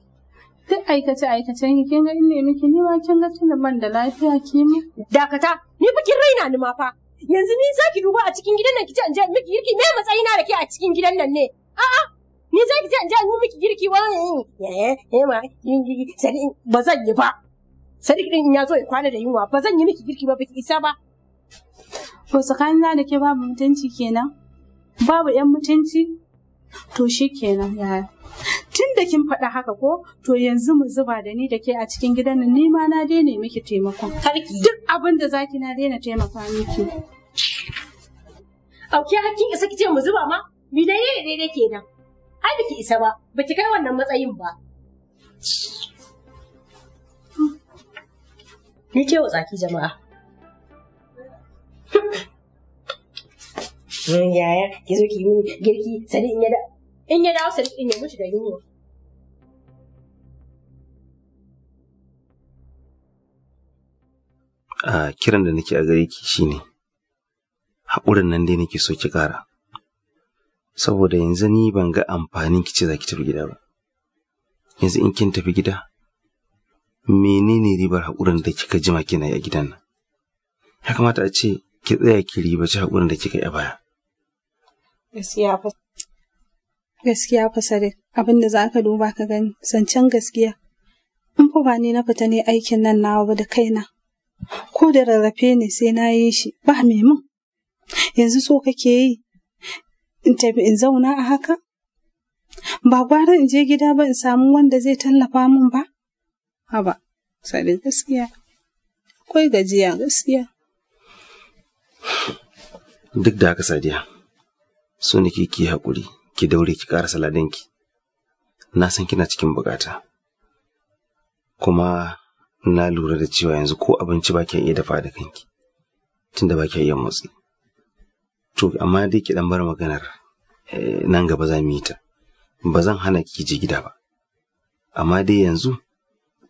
duk aikace aikace ki kin ga inda miki ni ma kin ga tunda man da lafiya ki ne dakata ni bikin raina ni ma fa yanzu ni zaki duba a cikin gidan nan kice in je miki girki me matsayi na da ke a cikin gidan nan ne a a ni zaki je in je mu miki girki wa eh eh ma sai ba zan yi ba sadik in ya zo ya kwana da yunwa ba zan yi miki girki ba biki isa ba to tsakanina da ke babu mutunci kenan babu yan mutunci to shikenan yaya tun da kin faɗa haka ko to yanzu mu zuba da ni da ke a cikin gidan nan ni ma na daina miki taimako duk abin da zaki na daina taimaka miki auke hakkin isa kice mu zuba ma mi dai ne dai dai kenan ai biki isa ba baki kai wannan matsayin ba ni ce wa tsaki jama'a yaya ki zo ki yi girki sani in yada in ya dawo sadiq ya mutu da yunwa a kiran da nake a gare ki shine haƙurin nan dai nake so ki ƙara saboda yanzu ni ban ga amfanin ki ce za ki tafi gida ba yanzu in kin tafi gida menene ribar haƙurin da kika jima kina yi a gidan nan ya kamata a ce ki tsaya ki ribaci haƙurin da kika yi a baya gaskiya fa Gaskiya fasare, abin da za ka duba ka gani, zancen gaskiya. In fa ba ni na fita ne aikin nan nawa ba da kaina. Ko da rarrafe ne sai na yi shi, ba me mun. Yanzu so kake yi, in tafi in zauna a haka? Ba gwara in je gida ba in samu wanda zai tallafa min ba? Haba, sare gaskiya. Akwai gajiya gaskiya. Duk da haka sadiya, so nake ki haƙuri. ki daure ki ƙara saladanki na san kina cikin bukata kuma na lura da cewa yanzu ko abinci ba iya dafa da kanki tunda ba iya motsi to amma dai ki dan bar maganar eh, nan gaba za mu yi ta ba zan hana ki ji gida ba amma dai yanzu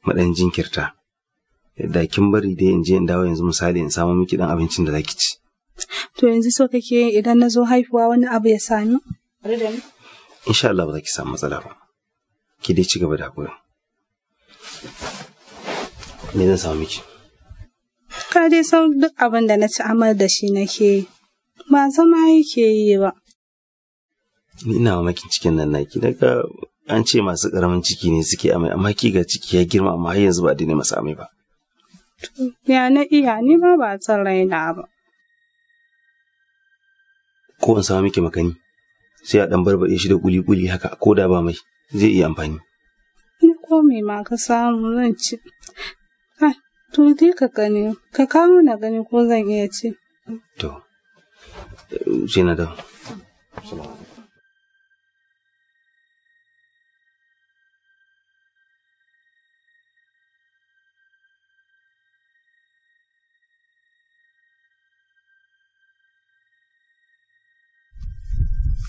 mu dan jinkirta da kin bari dai in je in dawo yanzu misali in samu miki dan abincin da zaki ci to yanzu so kake idan na zo haifuwa wani abu ya sami Ridwan. Insha Allah ba za ki samu matsala ba. Ki dai ci gaba da haƙuri. Me zan samu miki? Ka dai san duk abin da na ci amal da shi nake yi. Ba zama yake yi ba. Ni ina mamakin cikin nan naki daga an ce masu ƙaramin ciki ne suke amai amma ki ga ciki ya girma amma har yanzu ba a daina masa amai ba. Ya na iya ni ma ba san raina ba. Ko in samu miki makani? sai a dan barbaɗe shi da kuli-kuli haka ko da ba mai zai iya amfani. Ni ko mai ma ka samu zan ci. To dai ka gani, ka kawo na gani ko zan iya ci. To, sai na da. Salamu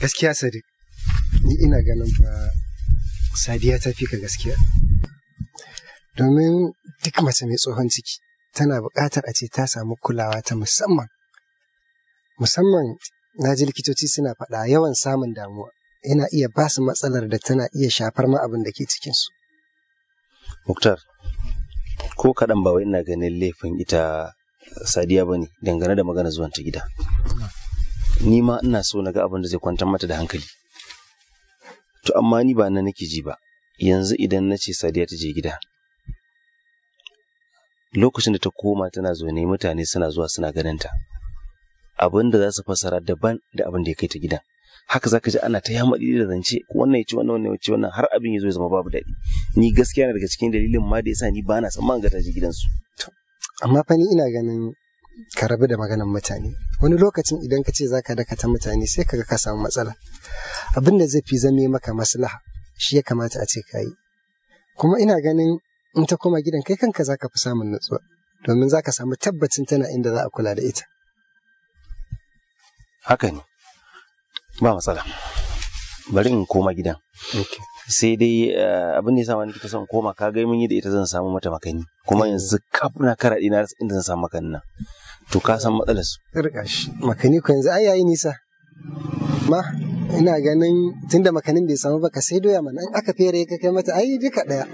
gaskiya sadiq ni ina ganin fa sadiya ta fi ka gaskiya domin duk mace mai tsohon ciki tana buƙatar a ce ta samu kulawa ta musamman musamman na ji likitoci suna faɗa yawan samun damuwa yana iya ba su matsalar da tana iya shafar ma abin da ke cikinsu muktar ko kaɗan ba wai ina ganin laifin ita sadiya ba ne dangane da magana zuwan ta gida ni ma ina so na ga abin da zai kwantar mata da hankali to amma ni ba na nake ji ba yanzu idan na ce sadiya ta je gida lokacin da ta koma tana zo ne mutane suna zuwa suna ta. abin da za su fasara daban da abin da ya kai ta gidan haka zaka ji ana ta yamaɗi da zance wannan ya ci wannan wannan ya ci wannan har abin ya zo ya zama babu daɗi ni gaskiya na daga cikin dalilin ma da yasa ni ba na tsammanin ga ta je gidansu amma fa ni ina ganin ka rabu da maganan mutane wani lokacin idan ka ce zaka dakata mutane sai kaga ka samu matsala abin da zai fi zame maka maslaha shi ya kamata a ce ka yi kuma ina ganin in ta koma gidan kai kanka zaka fi samun nutsuwa domin zaka samu tabbacin tana inda za a kula da ita haka ne ba matsala bari in koma gidan sai dai eh, abin da ya samu nake son koma ka gai mun yi da ita zan samu mata makani kuma eh. yanzu kafin na karaɗi na inda zan samu makani nan to ka san matsalar su rika makani ku yanzu an yayi nisa ma ina ganin tunda makanin bai samu ba ka sai doya mana aka fere ka kai mata ai duka daya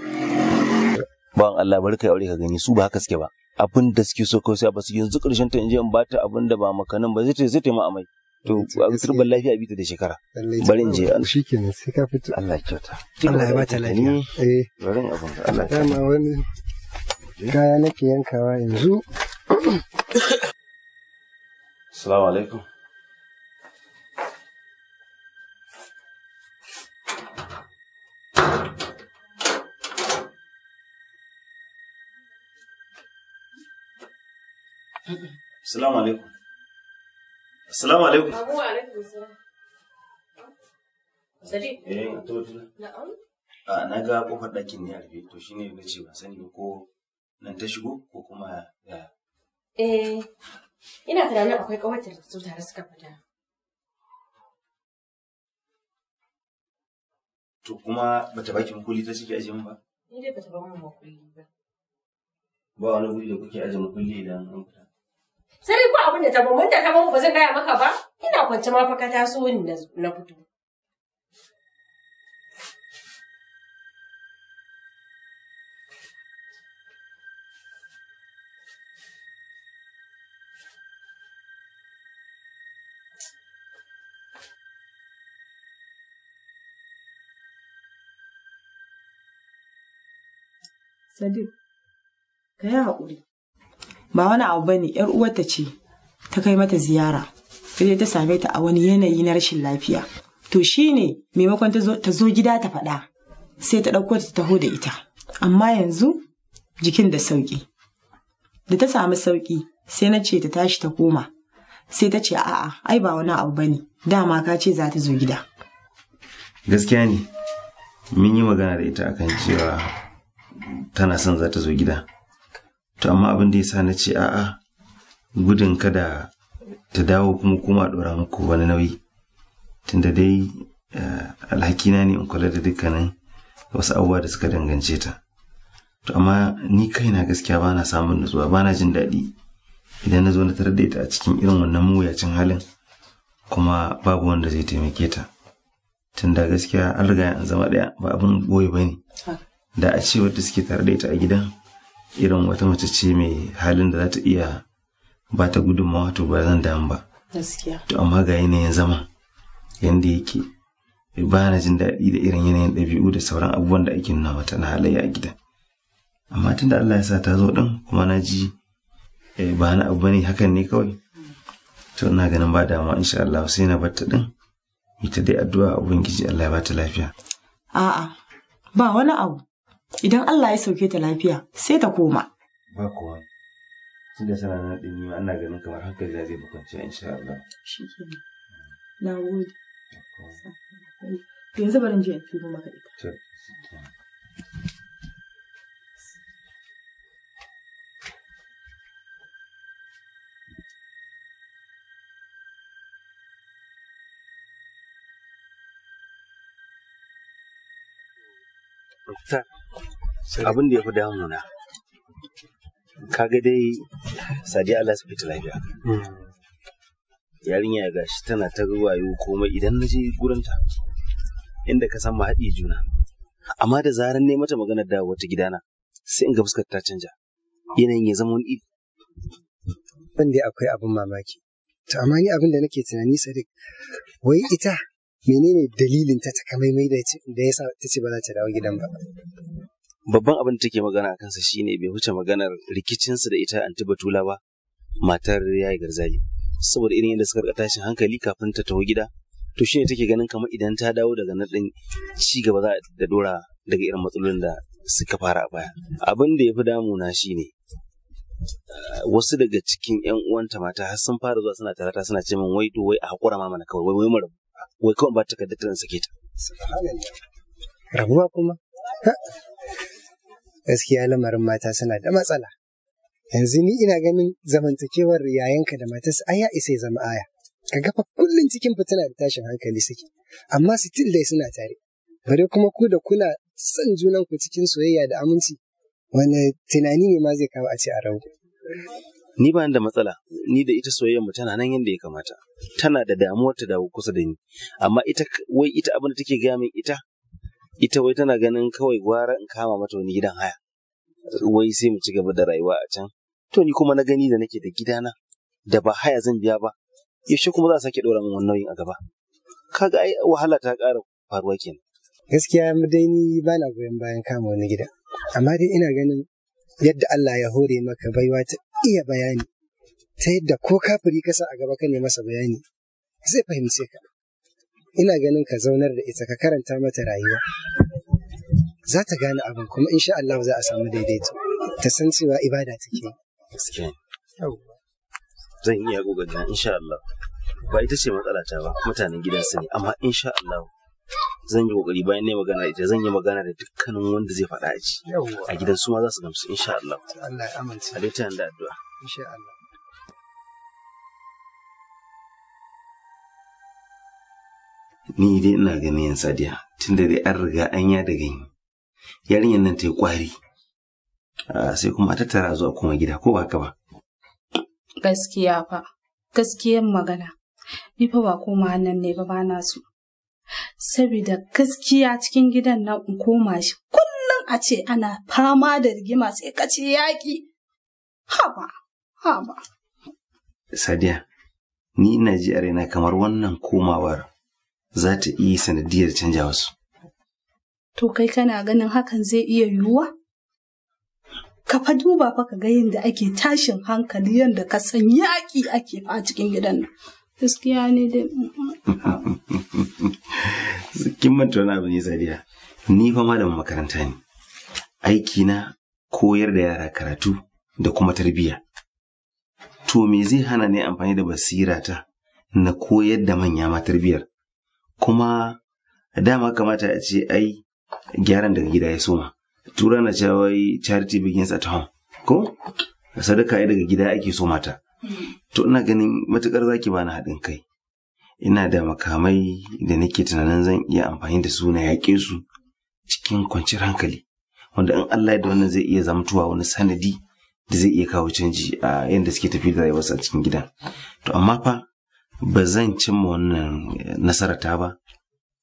ban Allah bari kai aure ka gani su ba haka suke ba abin da suke so kawai sai ba su yanzu karshen ta in je in bata abin da ba makanin ba zai ta zai ta ma amai to a turban lafiya bita da shekara bari in je an shikenan sai ka fito Allah ya kyauta Allah ya bata lafiya eh bari abin Allah ya kyauta wani kaya nake yankawa yanzu [coughs] Assalamu alaikum. Assalamu alaikum. Assalamu alaikum. Abu alaikum salam. Ah, eh, ah, na ga kofar ɗakin ne a rufe to shine na ce ban sani ko nan ta shigo ko kuma ya. Eh, Ina tunanin akwai ƙawatar da su tare suka fita. To kuma bata baki makulli ta suke ajiye ba? Ni dai bata ba mu makulli ba. Ba wani wuri da kuke ajiye makulli idan an fita. Sai ko abin da ta ba mun da ta ba ba zan gaya maka ba? Ina kwance ma fa ka taso ni na fito. Sadiq, ka yi haƙuri. Ba wani abu ba ne, ‘yar uwarta ce ta kai mata ziyara, sai ta same ta a wani yanayi na rashin lafiya. To shi ne maimakon ta zo gida ta faɗa, sai ta ɗauko ta taho da ita. Amma yanzu jikin da sauƙi. Da ta samu sauƙi, sai na ce ta tashi ta koma. Sai ta ce a'a, ai ba wani abu ba dama ka ce za ta zo gida. Gaskiya ne, mun yi magana da ita akan cewa tana son za ta zo gida to amma abin da ya sa na ce a'a gudun kada ta dawo kuma kuma ɗora muku wani nauyi tunda dai eh, alhakina ne in kula da dukkanin wasu abubuwa da suka dangance ta to amma ni kai na gaskiya ba na samun nutsuwa ba na jin daɗi idan na zo na tarar da ita a cikin irin wannan mawuyacin halin kuma babu wanda zai taimake ta tunda gaskiya an riga an zama ɗaya ba abin ɓoye ba ne da a ce wadda suke tare da ita a gidan irin wata mace ce mai halin da za ta iya ba ta gudunmawa to ba zan damu ba to amma ga yanayin zama yanda yake ba na jin daɗi da irin yanayin ɗabi'u da sauran abubuwan da ake nuna mata na halayya a gida amma tunda Allah ya sa ta zo ɗin kuma na ji eh, ba na abu ne hakan ne kawai to ina ganin ba damuwa insha Allah sai na bar ta ɗin ita dai addu'a a ubangiji Allah ya bata lafiya a'a ba wani abu Idan Allah ya sauke ta lafiya sai ta koma. Ba kowa. da sana na ɗin ma ana ganin kamar hankali na zai fi kwanciya insha Allah. Shi ke Na gode. Yanzu bari je in maka ita. Sir. abin da ya fi damu ka kaga dai sadi Allah su fita lafiya hmm. yarinya ya gashi tana ta ruwayo komai idan na je gurinta inda ka san mahaɗi juna amma da zaran ne mata maganar da wata gidana sai in ga fuskar ta canja yanayin ya zama wani ban dai akwai abin mamaki to amma ni abin da nake tunani sadik wai ita menene dalilin ta takamaimai da ya sa ta ce ba za ta dawo gidan ba babban abin da take magana a kansa shine bai huce maganar rikicinsa da ita anti batula ba matar yayi garzali saboda irin yadda suka tashin hankali kafin ta tawo gida to shine take ganin kamar idan ta dawo daga nan din ci gaba za da dora daga irin matsalolin da suka fara a baya abin da ya fi damuna shine wasu daga cikin yan uwanta mata har sun fara zuwa suna tarata suna ce min wai to wai a hakura ma mana kawai wai wai mu wai kawai ba ta kaddata sake ta rabuwa kuma gaskiya lamarin mata suna da matsala. Yanzu ni ina ganin zamantakewar yayanka da su aya isa zama aya. Ka gafa kullum cikin fitina da tashin hankali suke, amma su dai suna tare. Bare kuma ku da kuna son junanku cikin soyayya da aminci, wani tunani ne ma zai kawo a ce a rabu. Ni ba da matsala, ni da ita soyayyar mu tana nan yadda ya kamata. Tana da damuwar ta dawo kusa da ni, amma ita wai ita abin da take gaya min ita ita wai tana ganin kawai gwara in kama mata wani gidan haya wai sai mu ci gaba da rayuwa a can to ni kuma na gani da nake da gidana da ba haya zan biya ba yaushe kuma za a sake dora min wannan nauyin a gaba kaga ai wahala ta ƙara faruwa kenan gaskiya dai ni ba na goyon bayan kama wani gida amma dai ina ganin yadda Allah ya hore maka baiwa ta iya bayani ta yadda ko kafiri kasa a gaba ka ne masa bayani zai fahimce ka ina ganin ka zaunar da ita ka karanta mata rayuwa za ta gane abin kuma insha Allah za a samu daidaito ta san cewa ibada take gaskiya zan iya gogaggan insha Allah ba ita ce matsala ta ba mutanen gidan su ne amma insha Allah zan yi kokari bayan ne magana ita zan yi magana da dukkanin wanda zai faɗa a ci a gidan su ma za su gamsu insha Allah Allah ya amince a dai ta da addu'a insha Allah ni dai ina ganin yan sadiya tunda dai an riga an ya da gani yarinyar nan ta yi kwari sai kuma a tattara zuwa kuma gida ko ba ba gaskiya fa gaskiyan magana ni fa ba koma nan ne ba bana so saboda gaskiya cikin gidan nan in koma shi kullum a ce ana fama da rigima sai ka ce yaƙi haba haba sadiya ni ina ji a kamar wannan komawar za ta iya sanadiyar canja wasu. To kai kana ganin hakan zai iya yiwuwa? Ka fa duba fa ka ga yadda ake tashin hankali yadda ka san yaƙi ake fa cikin gidan nan. Gaskiya ne dai. [laughs] Kin manta wani abu ne Sadiya. Ni fa malamin makaranta ne. Aiki na koyar da yara karatu da kuma tarbiyya. To me zai hana ni amfani da basirata na koyar da manya ma tarbiyyar? kuma dama kamata a ce ai gyaran daga gida ya soma tura na cewa charity begins at home ko sadaka ai daga gida ake so mata to ina ganin matukar zaki bani haɗin kai ina da makamai da nake tunanin zan iya amfani da su na yaƙe su cikin kwanciyar hankali wanda in Allah ya da wannan zai iya zamtuwa wani sanadi da zai iya kawo canji a yadda suke tafi da rayuwarsa a cikin gidan to amma fa ba zan cimma wannan eh, nasara ta ba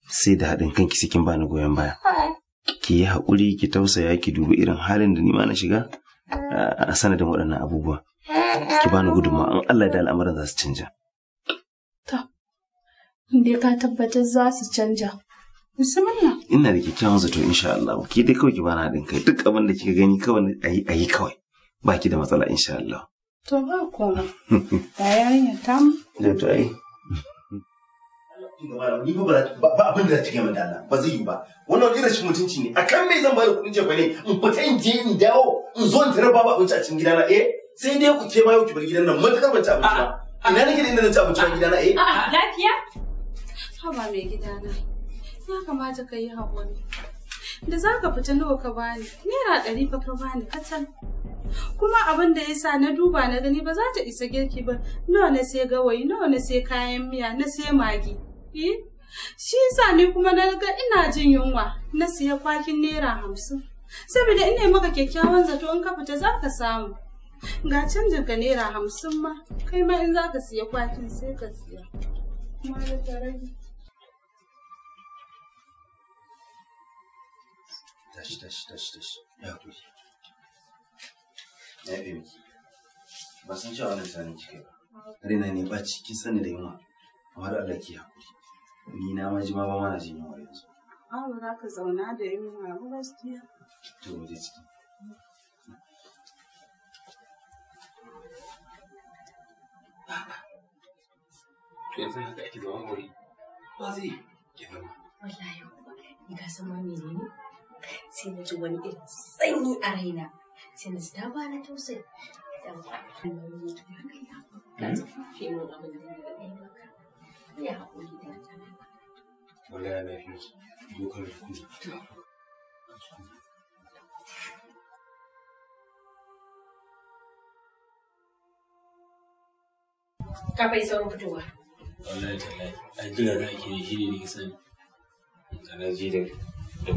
sai da haɗin kanki sikin ni goyon baya ki yi haƙuri ki tausaya ki dubi irin halin da nima na shiga a sanadin waɗannan abubuwa eh. ki bani gudunmawa in Allah da al'amuran za su canja to dai ka tabbatar za su canja bismillah ina da kyakkyawan zato insha Allah ki dai kawai ki bani haɗin kai duk abin da kika gani kawai a yi kawai baki da matsala insha Allah to ba komai bayan ya tamu da to ai ni ba ba da za ta gaya da Allah ba zai yi ba wannan irin shi mutunci ne akan bai zan bayar kuɗin jefa ne in fita in je in dawo in zo in tarar babu abinci a gidana eh sai dai ku ke yau ki gidan nan matakar ban ci abinci ba ah, ah. ina nake da inda zan ci abinci a gidana eh ah, lafiya haba mai gidana ya kamata ka yi haƙuri da za ka fita nawa ka bani naira ɗari fa ka bani kacal kuma abin da ya sa na duba na gani ba za ta isa girki ba nawa na sai gawayi nawa na sai kayan miya na sai magi eh? shi sa ni kuma na ga ina jin yunwa na siya kwakin naira hamsin saboda ina maka kyakkyawan zato in ka fita za ka samu ga canjin ka naira hamsin ma kai ma in za ka siya kwakin sai ka siya. tashi tashi tashi tashi ya haƙuri Na fi miki ba san cewa ana tsarin kike ba rina ne ba ciki sani da yunwa amma da Allah ki haƙuri ni na ma jima ba ma na jin yunwa yanzu an za ka zauna da yunwa ba su gaskiya to mu je ciki to yanzu haka ake zaman gori ba zai yi ke zama wallahi ni ka san ma menene sai na ji wani irin sanyi a raina sai na ji ta ba na tausayi dan Allah ya kai ya ka tsofi mun abin da ya maka ya haƙuri da ta wala ya lafi zo ka rufu ka bai sauran fitowa wallahi tallahi a jira da ake yi shi ne ne sani da na ji da da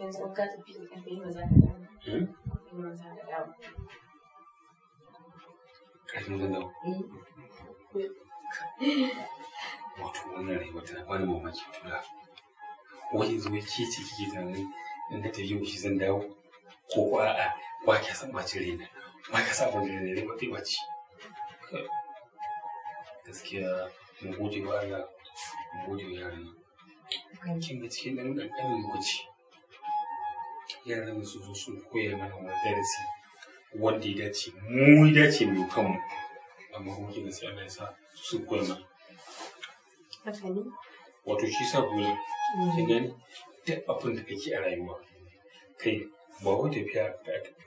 Więc on gada pisze ten film za Mhm. Film za Ƙarfin gaggawa. Eh. mamaki tura. Wani zo ya ce ce kike tunanin in ka tafi yau dawo ko ko a'a ba ka san bacin raina ba ka san abin da raina ba zai baci. Gaskiya mu gode wa Allah mu gode wa yaran nan. Kan kin ga cikin ɗan ƙanƙanin yaran mu su zo su koya mana wani darasi wanda ya dace mu ya dace mai kanmu amma kuma kika sai Allah ya sa su koya mana wato shi sa gona kin gani duk abin da kake a rayuwa kai ba wai tafiya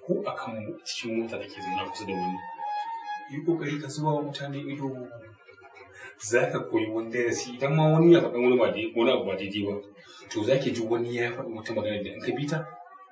ko a kan cikin mota ke zama kusa da wani yi kokari ka zuba wa mutane ido za ka koyi wani darasi idan ma wani ya faɗa wani abu ba daidai ba to za ki ji wani ya faɗi wata magana da an ka bi ta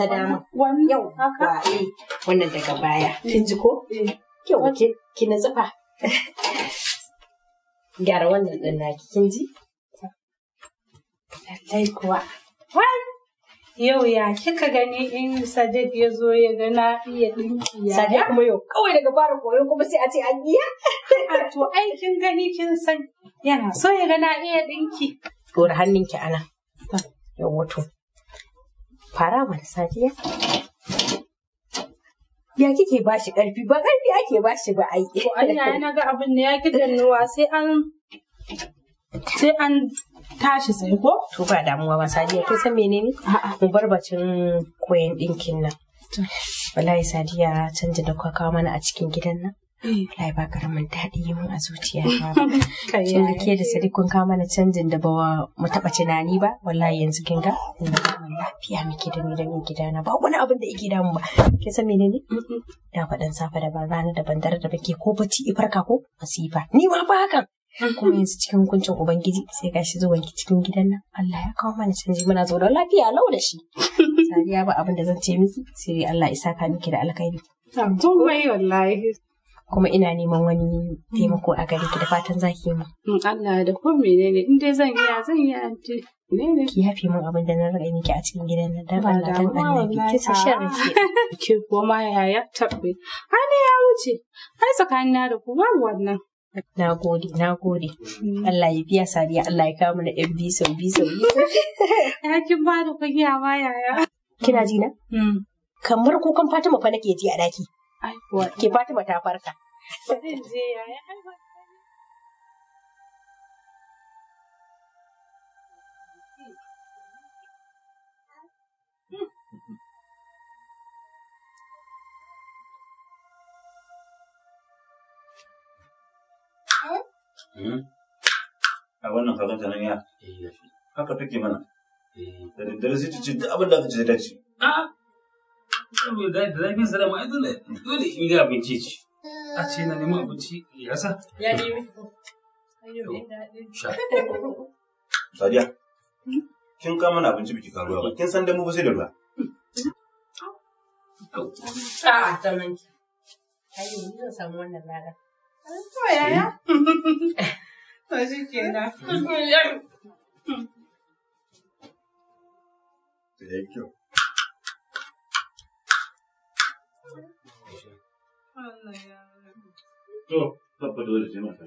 ta dama yau haka eh, wannan daga baya eh, kin ji ko eh. yau ki ki na zufa [laughs] gyara wannan din naki kin ji lallai kuwa yau ya kika gani in Sadiq ya zo ya ga na iya dinki ya Sadiq kuma yau kawai daga fara koyo kuma sai a ce an iya [laughs] to ai kin gani kin san yana so ya ga na iya dinki gora hannunki ana yau wato fara mana safiya ya kike ba shi ƙarfi ba ƙarfi ake ba shi ba ai Ko Allah na ga abin da ya ki dannuwa sai an sai an tashi sai ko to ba damuwa ba sadiya kin san menene mu bar bacin koyon dinkin nan wallahi sadiya canja da kwa kawo mana a cikin gidan nan Eh, wallahi ba karamin daɗi yi mun a zuciya na ba. [laughs] ke da sadikun kama na mana canjin da ba mu taɓa tunani ba. Wallahi yanzu kin ga lafiya muke da ni da gida na ba wani abin da yake damu ba. Kin san menene? Da faɗan safe da ban rana da ban dare da bake ko bacci ifarka ko masifa. Ni ma ba hakan. kuma yanzu cikin hukuncin ubangiji sai shi zuwan ki cikin gidan nan Allah ya kawo mana canji muna zo da lafiya lau da shi [laughs] sariya ba abin da zan ce miki sai Allah ya saka miki da alkhairi to mai wallahi kuma ina neman wani taimako a gare ki da fatan za ki yi mu. Hmm, Allah da ko menene in dai zan iya zan iya anti. Ki yafe min abin da na rage miki a cikin gidan nan dan Allah dan annabi ki share shi. ki. Ki ya yaya tabbe. Ai ne ya wuce. Ai tsakanin na da ku babu wannan. Na gode, na gode. Hmm. Allah ya biya sariya, Allah ya kawo mana ɗan biyu sau biyu sau biyu. [laughs] Ya kin ba da kunya ma yaya. Kina ji na? Hmm. Kamar kukan Fatima fa nake ji a ɗaki. Ki Fatima ta farka. Zan je hmm? A wannan kaza nan ya? Eh, Haka take mana. Eh. Da daddare da ta ce abin da ce ta ce. Da zafin sa dama dole dole in ga abinci ci. A ce na neman abinci ya Ya nemi. Sha. Sadiya. Kin kama na abinci biki kan ruwa ba. Kin san damu ba sai da ruwa. A'a ta nan. Ai yanzu zan samu wannan lada. To yaya? To shi [laughs] Ya kyau. To, tabba dole sai mata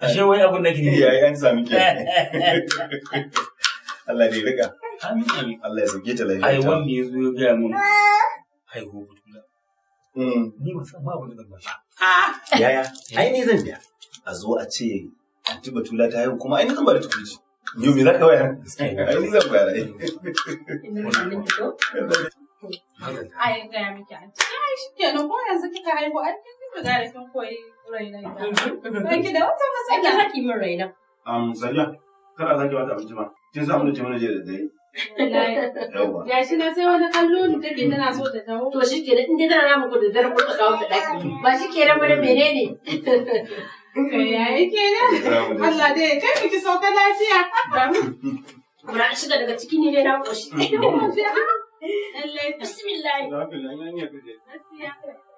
Ashe wai abin da ke [laughs] yi. Iyaye an sami ke. [laughs] Allah ne rika. Amin Allah ya sauke ta lafiya. Ai wanda ya zo ya gaya mun haihu hmm. butula. Ni ba san babu da ba. Ah! Yaya? Ai ni zan biya. A zo a ce anti batula ta haihu kuma ai ni zan ba da tukuci. Yau me za ka waya? Ai ni zan bayar. Ai gaya miki anti. Ai shi kenan ko yanzu kika haihu ai riga da kin koyi rainan ba. Ki da wata matsala. Ki haki kada a sake wata abinci ba. Kin samu da ce mana jiya da dai. Ya shi na sai wani kallo ne take mm. tana so ta taho. To shi kenan da dai tana namu ko da dare ko kawo ta daki. Ba shi kenan ba da menene? Yayi kenan. Allah dai kai miki sauka lafiya. Kura an shiga daga ciki ne dai na koshi. Bismillah. Bismillah.